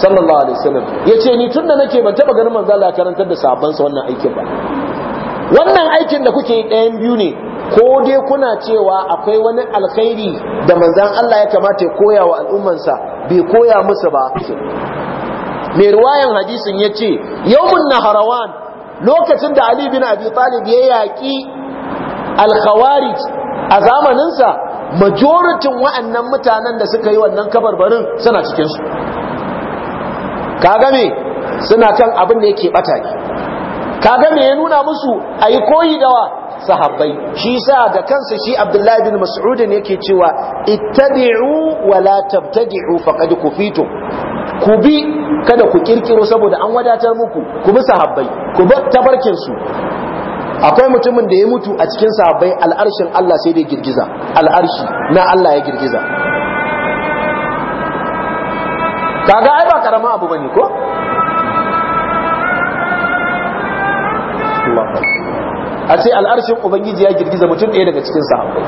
sallallahu alaihi wasallam yace ni tunda nake ban taba ganin manzo Allah karantar da sahabban sa wannan aikin ba wannan aikin da kuke ɗayan biyu ne ko dai kuna cewa akwai wani alkhairi da manzan Allah ya kamata ya koya wa al'ummansa bai koya musu ba mai ruwayan hadisin ya ce yawmun naharawan lokacin da Ali bin Abi Talib ya yaƙi alkhawarij a zamaninsa majoritin wa'annan mutanen da suka yi wannan kabarbarin suna cikinsu kaga me suna kan abin da yake bata ne kaga me ya nuna musu ayi koyi dawa sahabbai shi sa da kansa shi Abdullahi bin Mas'ud ne yake cewa ittabi'u wa la tabtadi'u faqad kufitum ku bi kada ku kirkiro saboda an wadatar muku ku bi sahabbai ku bi tabarkin su akwai mutumin da ya mutu a cikin sahabbai al'arshin Allah sai dai girgiza al'arshi na Allah ya girgiza kaga ai ba karama abu bane ko a ce al'arshin ubangiji ya girgiza mutum ɗaya daga cikin sahabbai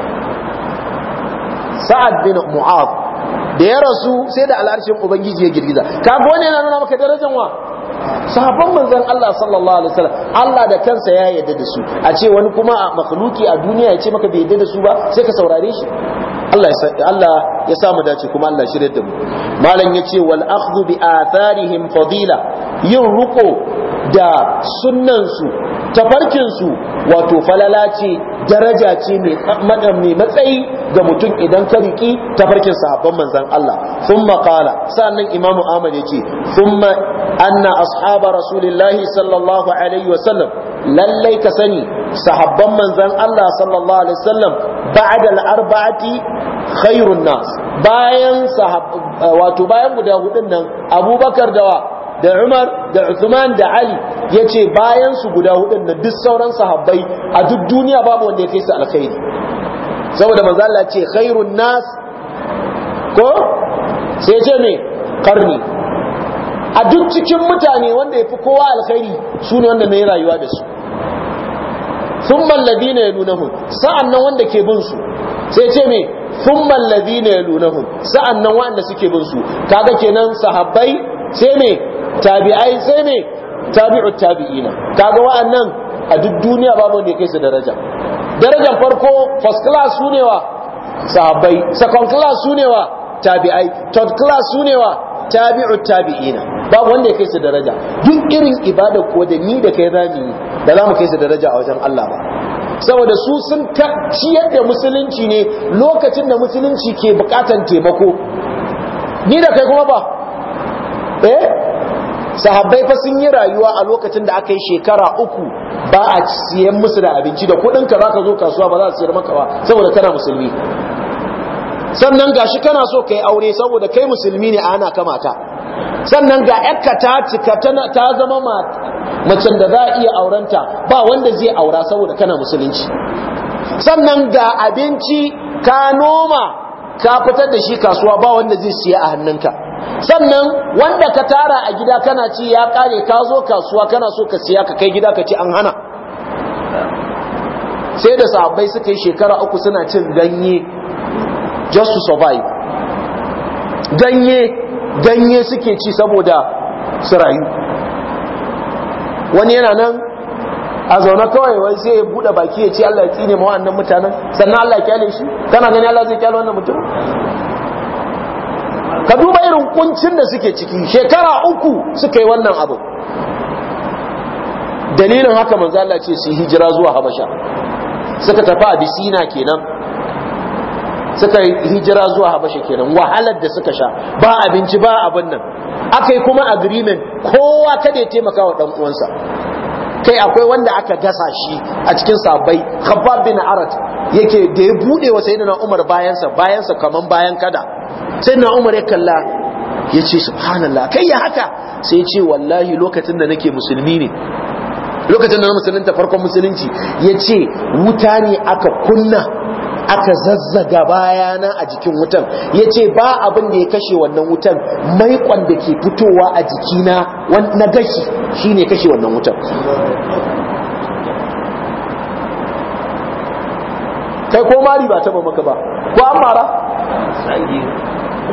sa'ad bin mu'ad da ya rasu sai da al'arshin ubangiji ya girgiza kaga wani yana nuna maka darajar wa sahabban manzon Allah sallallahu alaihi wasallam Allah da kansa ya yarda da su a ce wani kuma a makhluki a duniya ya ce maka bai yarda da su ba sai ka saurare shi Allah ya sa mu dace kuma Allah shirya da mu malam yace wal akhdhu bi atharihim fadila yin ruko da sunnan su tafarkin su wato falala ce daraja ce mai matsayi ga mutum idan ka riki tafarkin sahabban manzon Allah thumma qala sannan Imam Ahmad yace thumma anna ashaba rasulillahi sallallahu alaihi wasallam lallai ka sani sahabban manzon Allah sallallahu alaihi wasallam ba'da al-arba'ati khairun nas bayan sahab eh, wato bayan guda hudun nan abubakar da wa da umar da uthman da ali ya ce bayan su guda hudun nan duk sauran sahabbai a duk duniya babu wanda ya kai su alkhairi saboda manzo Allah ce khairun nas ko sai ce me karni a duk cikin mutane wanda ya fi kowa alkhairi su ne wanda na yi rayuwa da su sun mallabi na ya nuna hun sa'an nan wanda ke bin su sai ce me thumma alladhina yalunahum sa'annan wanda suke bin su kaga kenan sahabbai sai me tabi'ai sai me tabi'u tabi'ina kaga wa'annan a duk duniya babu wanda ya kai su daraja darajar farko first class sune wa sahabbai second class sune wa tabi'ai third class sune wa tabi'u tabi'ina babu wanda ya kai su daraja duk irin ibada ko da ni da kai zamu yi da mu kai su daraja a wajen Allah ba saboda su sun ciyar da musulunci ne lokacin da musulunci ke bukatan taimako ni da kai kuma ba eh sahabbai fa sun yi rayuwa a lokacin da aka yi shekara uku ba a siyan musu da abinci da kudin ka zo kasuwa ba za a siyar maka ba saboda kana musulmi sannan gashi kana so kai aure saboda kai musulmi ne a ana kamata sannan ga yakka ta cika ta zama macen da za a iya aurenta ba wanda zai aura saboda kana musulunci sannan ga abinci ka noma ka fitar da shi kasuwa ba wanda zai siya a hannunka sannan wanda ka tara a gida kana ci ya kare ka zo kasuwa kana so ka siya ka kai gida ka ci an hana sai da sabai suka yi shekara uku suna cin ganye just to survive ganye ganye suke ci saboda su wani yana nan a zaune kawai wai sai ya buɗe baki ya ci Allah ya tsine ma wannan mutanen sannan Allah ya kyale shi kana gani Allah zai kyale wannan mutum ka duba irin kuncin da suke ciki shekara uku suka yi wannan abu dalilin haka manzo Allah ce su hijira zuwa Habasha suka tafi Abisina kenan suka hijira zuwa habasha kenan wahalar da suka sha ba abinci ba abin nan aka kuma agreement kowa kada ya taimaka wa dan uwansa kai akwai wanda aka gasa shi a cikin sabai khabbab bin arat yake da ya bude wa sayyidina umar bayansa bayansa kaman bayan kada sayyidina umar ya kalla ya ce subhanallah kai ya haka sai ya ce wallahi lokacin da nake musulmi ne lokacin da na musulunta farkon musulunci ya ce wuta ne aka kunna aka zazzaga bayana a jikin wutan ya ce ba abin da ya kashe wannan wutan maikon da ke fitowa a jikina na gashi shi ne kashe wannan wutan kai ko mari ba taba maka ba ko an mara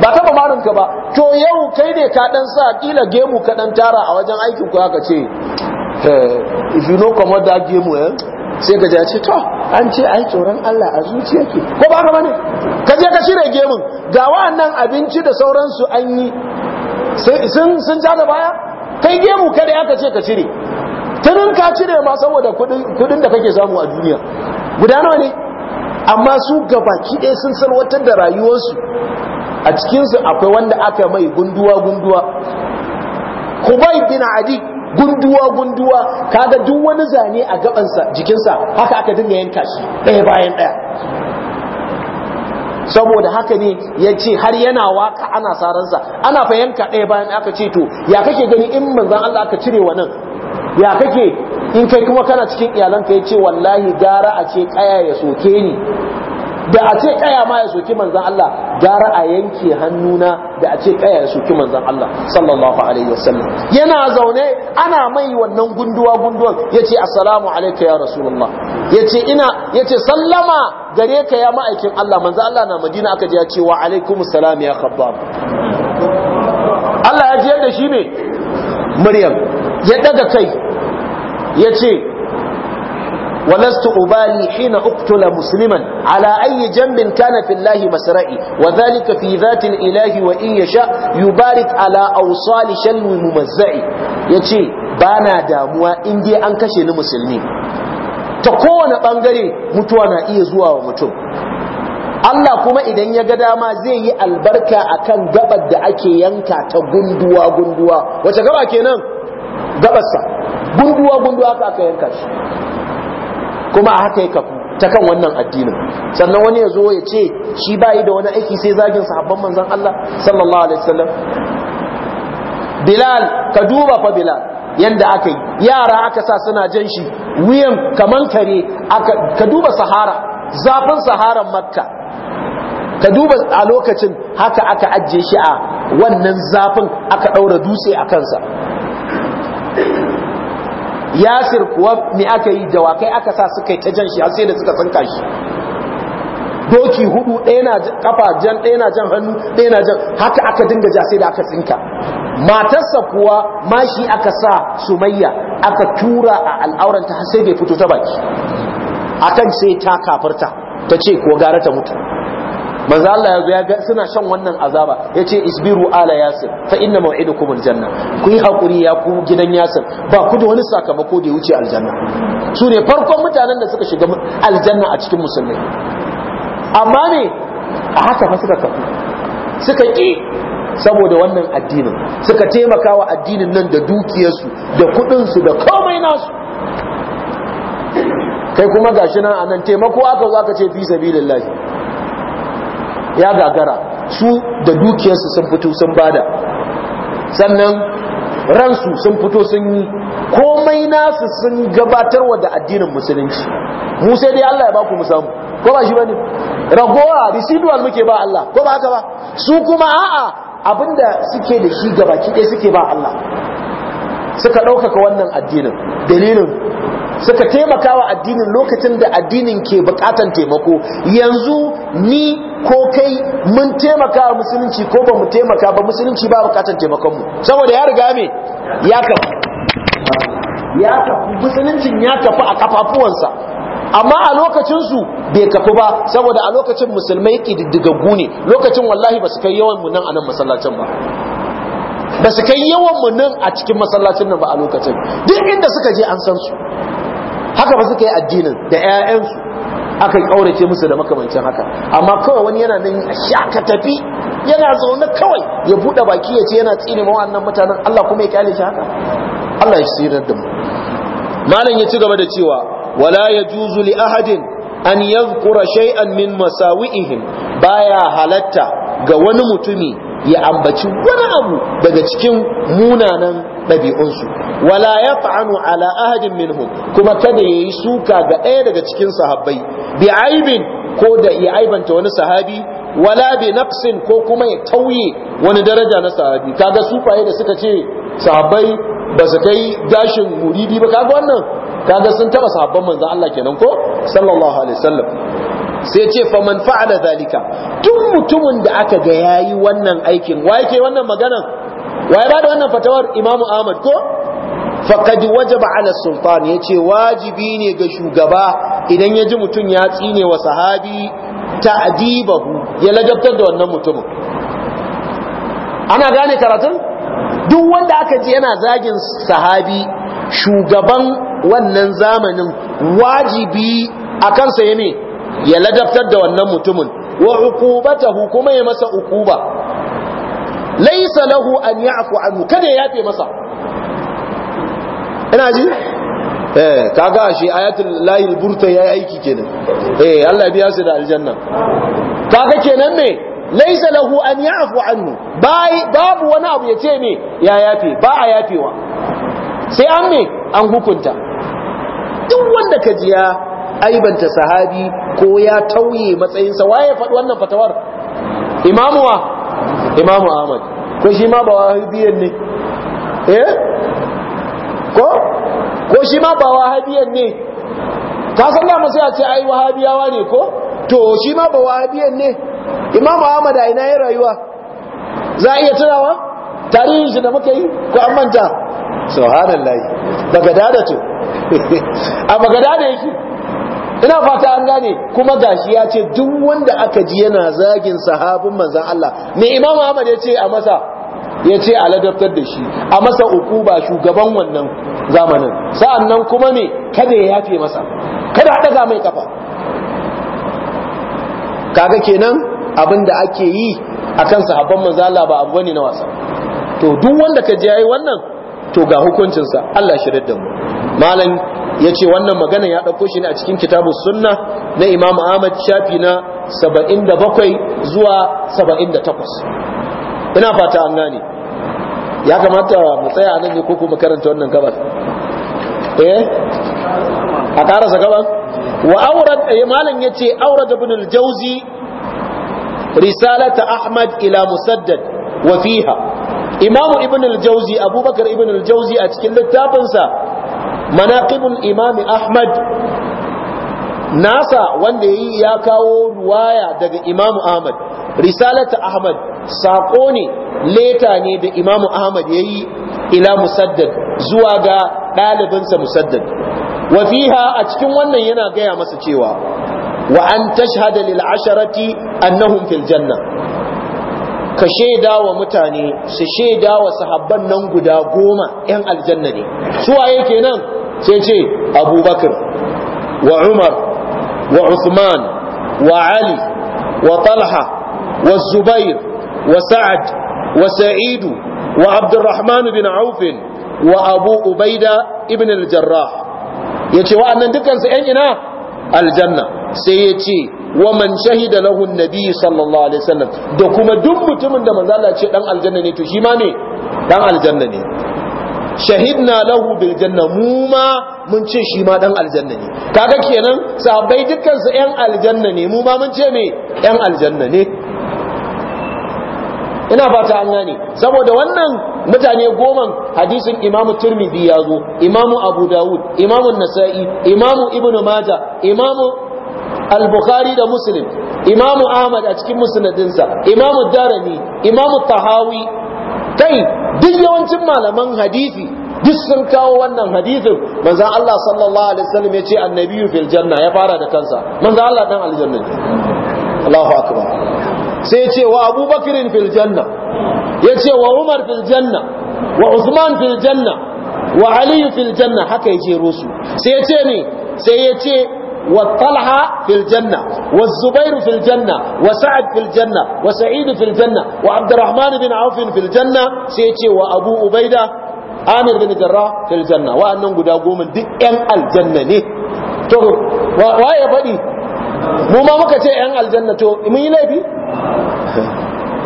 ba taba marinka ba to yau kai ne ka dan sa kila gemu ka dan tara a wajen aikin ku haka ce eh, if you know come da gemu eh sai ka ja ce to an ce ai tsoron Allah a zuciya ke ko ba ka bane ka je ka shirye gemun ga wannan abinci da sauransu an yi sun sun ja da baya kai gemu kada aka ce ka cire tunin ka cire ma saboda kudin da kake samu a duniya guda nawa ne amma su gabaki ɗaya sun salwatar da rayuwarsu a cikinsu akwai wanda aka mai gunduwa gunduwa kubai bin adik gunduwa gunduwa kaga duk wani zane a gabansa jikinsa haka aka dinga yanka shi ɗaya bayan ɗaya saboda haka ne ya ce har yana waka ana saransa ana fa yanka ɗaya bayan aka ce to ya kake gani in manzan Allah aka cire wa nan ya kake in kai kuma kana cikin iyalanka ya ce wallahi gara a ce kaya ya soke ni da a ce kaya ma ya soki manzan Allah gara a yanke hannuna da a ce kaya ya soki manzan Allah sallallahu alaihi wasallam yana zaune ana mai wannan gunduwa gunduwan yace assalamu alayka ya rasulullah yace ina yace sallama gare ka ya ma'aikin Allah manza Allah na Madina aka ji ya ce wa alaikumus salam ya khabbab Allah ya ji yadda shi ne Maryam ya daga kai ya ce ولست أبالي حين أقتل مسلما على أي جنب كان في الله مسرعي وذلك في ذات الإله وإن يشاء يبارك على أوصال شلو ممزعي يتي بانا داموا إندي أنكشي لمسلمين تقوانا بانغري متوانا إيزوا ومتوب Allah kuma idan ya ga dama zai yi albarka akan gabar da ake yanka ta gunduwa gunduwa wace gaba kenan gabarsa gunduwa gunduwa aka yanka shi kuma a haka ya kafu ta kan wannan addinin sannan wani ya zo ya ce shi bayi da wani aiki sai zagin sahabban manzon Allah sallallahu alaihi wasallam Bilal ka duba fa Bilal yanda aka yi yara aka sa suna jan shi wuyan kaman kare ka duba sahara zafin saharan makka ka duba a lokacin haka aka ajiye shi a wannan zafin aka ɗaura dutse a kansa yasir kuwa me aka yi dawakai aka sa suka yi ta jan shi har sai da suka sanka shi doki hudu ɗaya na kafa jan ɗaya na jan hannu ɗaya na jan haka aka dinga ja sai da aka tsinka matarsa kuwa ma shi aka sa sumayya aka tura a al'auranta har sai bai fito ta baki akan sai ta kafarta ta ce ko gara ta mutu manzo Allah ya ga suna shan wannan azaba yace isbiru ala yasir fa inna maw'idukum aljanna ku yi hakuri ya ku gidan yasir ba ku da wani sakamako da ya wuce aljanna su ne farkon mutanen da suka shiga aljanna a cikin musulmai amma ne a haka fa suka kafu suka ki saboda wannan addinin suka taimaka wa addinin nan da dukiyarsu da kuɗinsu da komai nasu kai kuma gashi nan anan taimako aka zo aka ce fi sabilillahi ya gagara su da dukiyarsu sun fito sun bada sannan ransu sun fito sun yi komai nasu sun gabatarwa da addinin musulunci mu sai dai Allah ya baku mu samu ko ba shi bane ragowa residual muke ba Allah ko ba haka ba su kuma a'a abinda suke da shi gabaki ɗaya suke ba Allah suka ɗaukaka wannan addinin dalilin suka taimaka wa addinin lokacin da addinin ke bukatan taimako yanzu ni ko kai mun taimaka wa musulunci ko ba mu taimaka ba musulunci ba bukatan taimakon mu saboda ya riga me ya kafu ya kafu musuluncin ya kafu a kafafuwansa amma a lokacinsu bai kafu ba saboda a lokacin musulmai diddigaggu ne lokacin wallahi ba su kai yawan mu nan a nan masallacin ba ba su kai yawan mu nan a cikin masallacin nan ba a lokacin duk inda suka je an san su haka ba suka yi addinin da 'ya'yansu aka kaurace musu da makamancin haka amma kawai wani yana nan shaka tafi yana zaune kawai ya buɗe baki ya ce yana tsine ma wannan mutanen Allah kuma ya kyale shi haka Allah ya sirar da mu malam ya ci gaba da cewa wala yajuzu li ahadin an yadhkura shay'an min masawi'ihim baya halatta ga wani mutumi ya ambaci wani abu daga cikin munanan ɗabi'unsu wala ya fa'anu ala ahadin minhu kuma kada ya yi suka ga ɗaya daga cikin sahabbai bi aibin ko da ya aibanta wani sahabi wala bi nafsin ko kuma ya tauye wani daraja na sahabi kaga sufaye da suka ce sahabbai ba su kai gashin muridi ba kaga wannan kaga sun taba sahabban manzo Allah kenan ko sallallahu alaihi wasallam sai ce faman fa'ala zalika duk mutumin da aka ga yayi wannan aikin wa yake wannan maganan waye ba da wannan fatawar imamu ahmad ko faqad wajaba ala sultan yace wajibi ne ga shugaba idan ya ji mutum ya tsine wa sahabi ta'dibahu ya lagabtar da wannan mutumin ana gane karatun duk wanda aka ji yana zagin sahabi shugaban wannan zamanin wajibi a kansa ya ya ladabtar da wannan mutumin wa hukubatahu kuma ya masa hukuba laisa lahu an ya'fu anhu kada ya yafe masa ina ji eh kaga shi ayatul lahil burta yayi aiki kenan eh Allah biya su da aljanna kaga kenan ne laisa lahu an ya'fu anhu bai babu wani abu yace ne ya yafe ba a yafewa sai an me an hukunta duk wanda ka jiya aibanta sahabi ko ya tauye matsayinsa waye faɗi wannan fatawar imamuwa imam ahmad ko shi ma ba wahabiyan ne eh ko ko shi ma ba wahabiyan ne ka san da sai a ce ai wahabiyawa ne ko to shi ma ba wahabiyan ne imam ahmad a ina yin rayuwa za a iya tunawa tarihin shi da muka yi ko an manta subhanallahi daga dadatu a da yake ina fata an gane kuma gashi ya ce duk wanda aka ji yana zagin sahabin manzan Allah me Imam Ahmad ya ce a masa ya ce a ladabtar da shi a masa uku ba shugaban wannan zamanin sa'annan kuma ne kada ya yafe masa kada a daga mai kafa kaga kenan abinda ake yi akan sahabban manzo Allah ba abu ne na wasa to duk wanda ka ji yayi wannan to ga hukuncinsa Allah shirar da mu malam ya ce wannan magana ya ɗauko shi ne a cikin kitabu sunna na imam ahmad shafi na 77 zuwa 78 ina fata an gane ya kamata mu tsaya nan ne ko kuma karanta wannan gabar eh a karasa gabar wa aurad eh, malam yace aurad ibn al-jawzi risalata ahmad ila musaddad wa fiha imamu ibn al-jawzi abubakar ibn al-jawzi a cikin littafinsa manaqibul Imami ahmad nasa wanda yayi ya kawo ruwaya daga imam ahmad risalatu ahmad saƙo ne leta ne da imam ahmad yayi ila musaddad zuwa ga ɗalibinsa musaddad Wafiha a cikin wannan yana gaya masa cewa wa'an an tashhada lil asharati annahum fil janna ka shaida wa mutane su shaida wa sahabban nan guda goma 'yan aljanna ne su waye kenan sai ce abubakar wa umar wa usman wa ali wa talha wa zubair wa sa'ad wa sa'idu wa abdurrahman bin aufin wa abu ubaida ibn al-jarrah yace wa'annan dukansu 'yan ina aljanna sai yace wa man shahida lahu nabi sallallahu alaihi wasallam da kuma duk mutumin da manzo Allah ce dan aljanna ne to shi ma ne dan aljanna ne shahidna lahu bil janna mu ma mun ce shi ma dan aljanna ne kaga kenan sahabbai dukkan su yan aljanna ne mu ma mun ce me yan aljanna ne ina fata an gane saboda wannan mutane goman hadisin imamu turmidi ya zo imamu abu dawud imamu nasa'i imamu ibnu maja imamu al-bukhari da muslim imamu ahmad a cikin musnadinsa imamu darani imamu tahawi kai duk yawancin malaman hadisi duk sun kawo wannan hadisin manzon Allah sallallahu alaihi wasallam ya ce Annabi fil janna ya fara da kansa manzon Allah dan aljanna Allahu akbar sai ya ce wa Abubakar fil janna ya ce wa Umar fil janna wa Usman fil janna wa Ali fil janna haka ya jero rusu. sai ya ce ne sai ya ce وطلحة في الجنة والزبير في الجنة وسعد في الجنة وسعيد في الجنة وعبد الرحمن بن عوف في الجنة سيتي وأبو أبيدة عامر بن جراح في الجنة وأنهم قد أقوم دئن الجنة ني تو بدي mu ma muka ce ‘yan aljanna to mun yi laifi?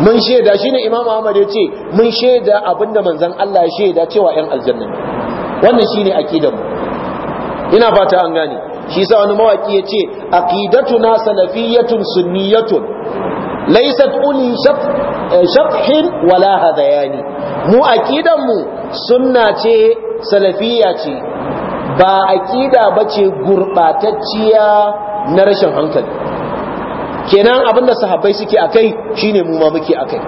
mun shaida shi imam ahmad ya ce mun shaida abinda manzan Allah ya shaida cewa ‘yan aljanna wannan shi ne aƙidanmu ina fata an gane shi sa wani mawaki ya ce aqidatuna salafiyyatun sunniyatun laysat uli shathin eh, wala hadayani mu aqidan mu sunna ce salafiya ce ba aqida bace gurɓatacciya na rashin hankali kenan abinda sahabbai suke akai shine mu ma muke akai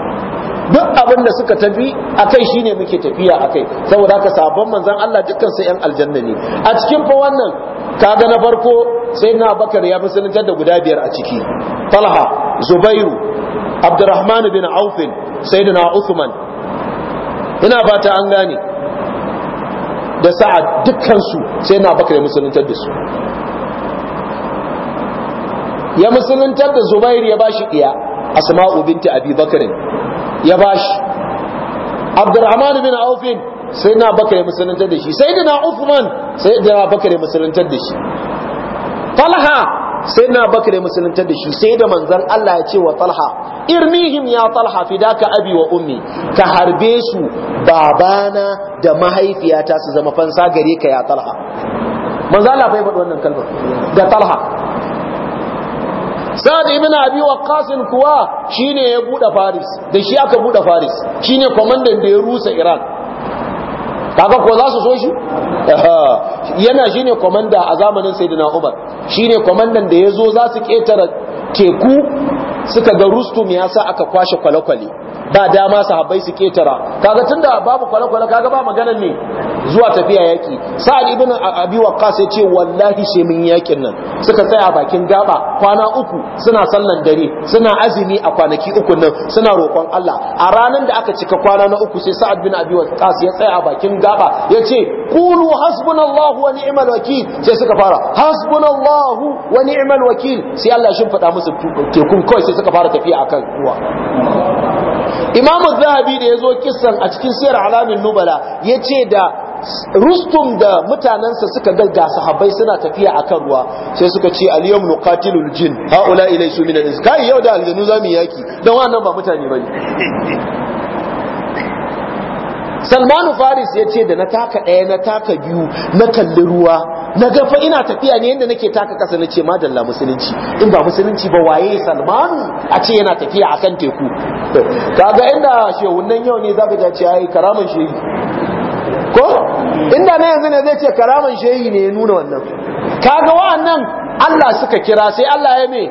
duk abin da suka tafi akai shine muke tafiya akai saboda ka sabon manzan Allah dukkan sai yan aljanna ne a cikin fa wannan kaga na farko sai na bakar ya musulunta da guda biyar a ciki talha zubairu abdurrahman bin auf sayyidina usman ina fata an gane da sa'a dukkansu sai na bakar ya musuluntar da su ya musuluntar da Zubairu ya bashi iya asma'u binti abi bakarin ya bashi abdurrahman bin aufin sai na bakar ya musuluntar da shi sai da na uthman sai da bakar ya musuluntar da shi talha sai na bakar ya musuluntar da shi sai da manzan Allah ya ce wa talha irmihim ya talha fidaka abi wa ummi ka harbe su babana da mahaifiyata su zama fansa gare ka ya talha Manzan Allah bai faɗi wannan kalmar da talha sa'ad ibn abi waqqas kuwa shine ya bude faris da shi aka bude faris shine komandan da ya rusa iran kaga ko za su so shi yana shine komanda a zamanin sayyidina umar shine komandan da yazo za su ketara teku suka ga rustum ya sa aka kwashe kwale-kwale ba dama sahabbai su ketara kaga tunda babu kwale-kwale kaga ba magana ne zuwa tafiya yaki sa'ad ibn abi waqqas ya ce wallahi sai mun yakin nan suka tsaya bakin gaba kwana uku suna sallan dare suna azumi a kwanaki uku nan suna roƙon Allah a ranar da aka cika kwana na uku sai sa'ad ibn abi waqqas ya tsaya a bakin gaba ya ce qulu hasbunallahu wa ni'mal wakil sai suka fara hasbunallahu wa ni'mal wakil sai Allah shin fada musu tekun kawai sai suka fara tafiya akan ruwa imamu zahabi da ya zo kisan a cikin siyar alamin nubala ya ce da rustum da mutanensa suka ga ga sahabbai suna tafiya akan ruwa sai suka ce aliyam nuqatilul jin haula ilai su min al kai yau da aljanu zamu yaki dan wannan ba mutane bane Salmanu Faris ya ce da na taka ɗaya na taka biyu na kalli ruwa na ga fa ina tafiya ne yadda nake taka kasa na ce madalla musulunci in ba musulunci ba waye salman a ce yana tafiya akan teku kaga inda shehunan yau ne zaka ga ce ai karaman shehi ko inda na yanzu ne zai ce karaman shehi ne ya nuna wannan kaga wa'annan Allah suka kira sai Allah ya me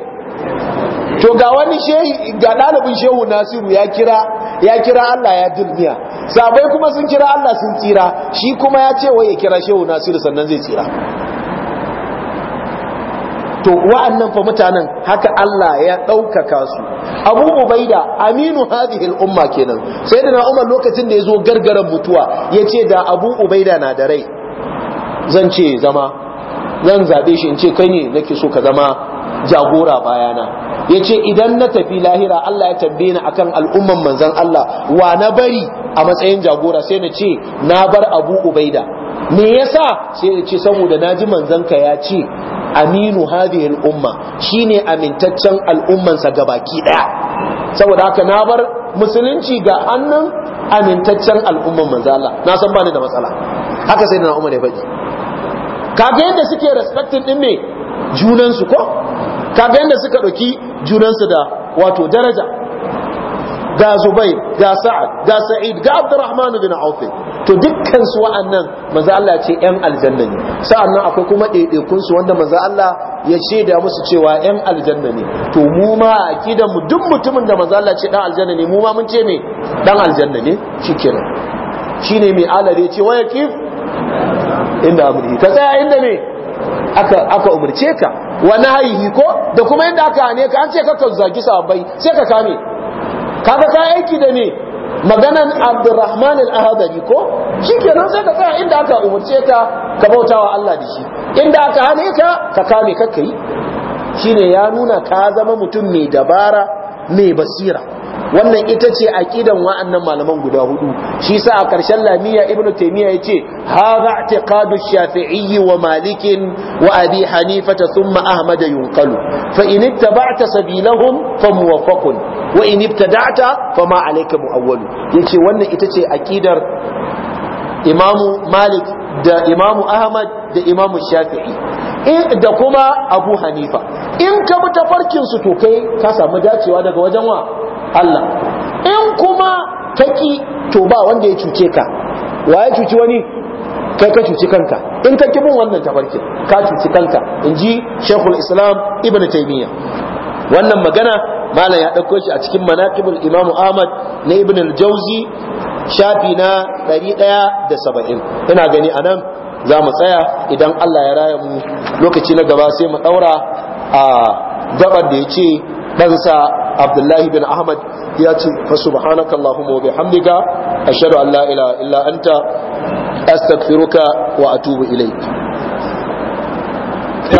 to ga wani shehi ga dalibin shehu Nasiru ya kira ya kira Allah ya dulmiya sabai kuma sun kira Allah sun tsira shi kuma ya ce wai ya kira shehu nasiru sannan zai tsira to wa'annan fa mutanen haka Allah ya ɗaukaka su abu ubaida aminu hadhihi umma kenan sai da umar lokacin da ya zo gargaran mutuwa ya ce da abu ubaida na da rai zan ce zama zan zaɓe shi in ce kai ne nake so ka zama jagora bayana ce idan na tafi lahira Allah ya tambaye ni akan al'umman manzan Allah wa na bari a matsayin jagora sai na ce na bar Abu Ubaida me yasa sai ya ce saboda ji manzan ka ya ce aminu hadhihi al'umma umma shine amintaccen al'umman ga baki ɗaya. saboda haka na bar musulunci ga hannun amintaccen al'umman manzan Allah na san bani da matsala haka sai na Umar ya faɗi kaga yadda suke respecting din me junan ko kaga yadda suka ɗauki junansu da wato daraja ga zubair ga sa'ad ga sa'id ga abdurrahman bin auf to dukkan su wa'annan manzo Allah ce yan aljanna ne sa'annan akwai kuma ɗaiɗaikun su wanda manzo Allah ya shaida musu cewa yan aljanna ne to mu ma akidan mu duk mutumin da manzo Allah ce dan aljanna ne mu ma mun ce me dan aljanna ne shikenan shine mai alare ce waya kif inda amri ka tsaya inda me aka aka umurce ka wa nahyihi ko da kuma inda aka hane ka an ce kakka zaki sahabbai sai ka kame kaga ka aiki da ne maganan Abdurrahman al-Ahadari ko Shi ke nan sai ka tsaya inda aka umurce ka ka bautawa Allah da shi inda aka hane ka ka kame kakka yi shine ya nuna ka zama mutum mai dabara mai basira wannan ita ce aqidan wa'annan malaman guda hudu shi sa a karshen lamiya ibnu taymiya yace hadha i'tiqadu shafi'i wa malik wa abi hanifa thumma ahmad yunqalu fa in ittaba'ta sabilahum fa muwaffaqun wa in ibtada'ta fa ma alayka muawwalu yace wannan ita ce aqidar imamu malik da imamu ahmad da imamu shafi'i eh, da kuma abu hanifa in ka bi su to kai ka samu dacewa daga wajen wa Allah in kuma kaki to ba wanda ya cuce ka wa ya cuci wani kai ka cuci kanka in ka bin wannan tafarkin ka cuci kanka in ji shekul islam ibn taimiyya wannan magana malam ya ɗauko shi a cikin manaqibul imamu ahmad na ibn al-jauzi shafi na 170 ina gani anan za mu tsaya idan allah ya raya mu lokaci na gaba sai mu ɗaura a gabar da ya ce sa abdullahi bin ahmad ya ce fa subhanaka allahumma wa bihamdika ashhadu an la ilaha illa anta astaghfiruka wa atubu ilayk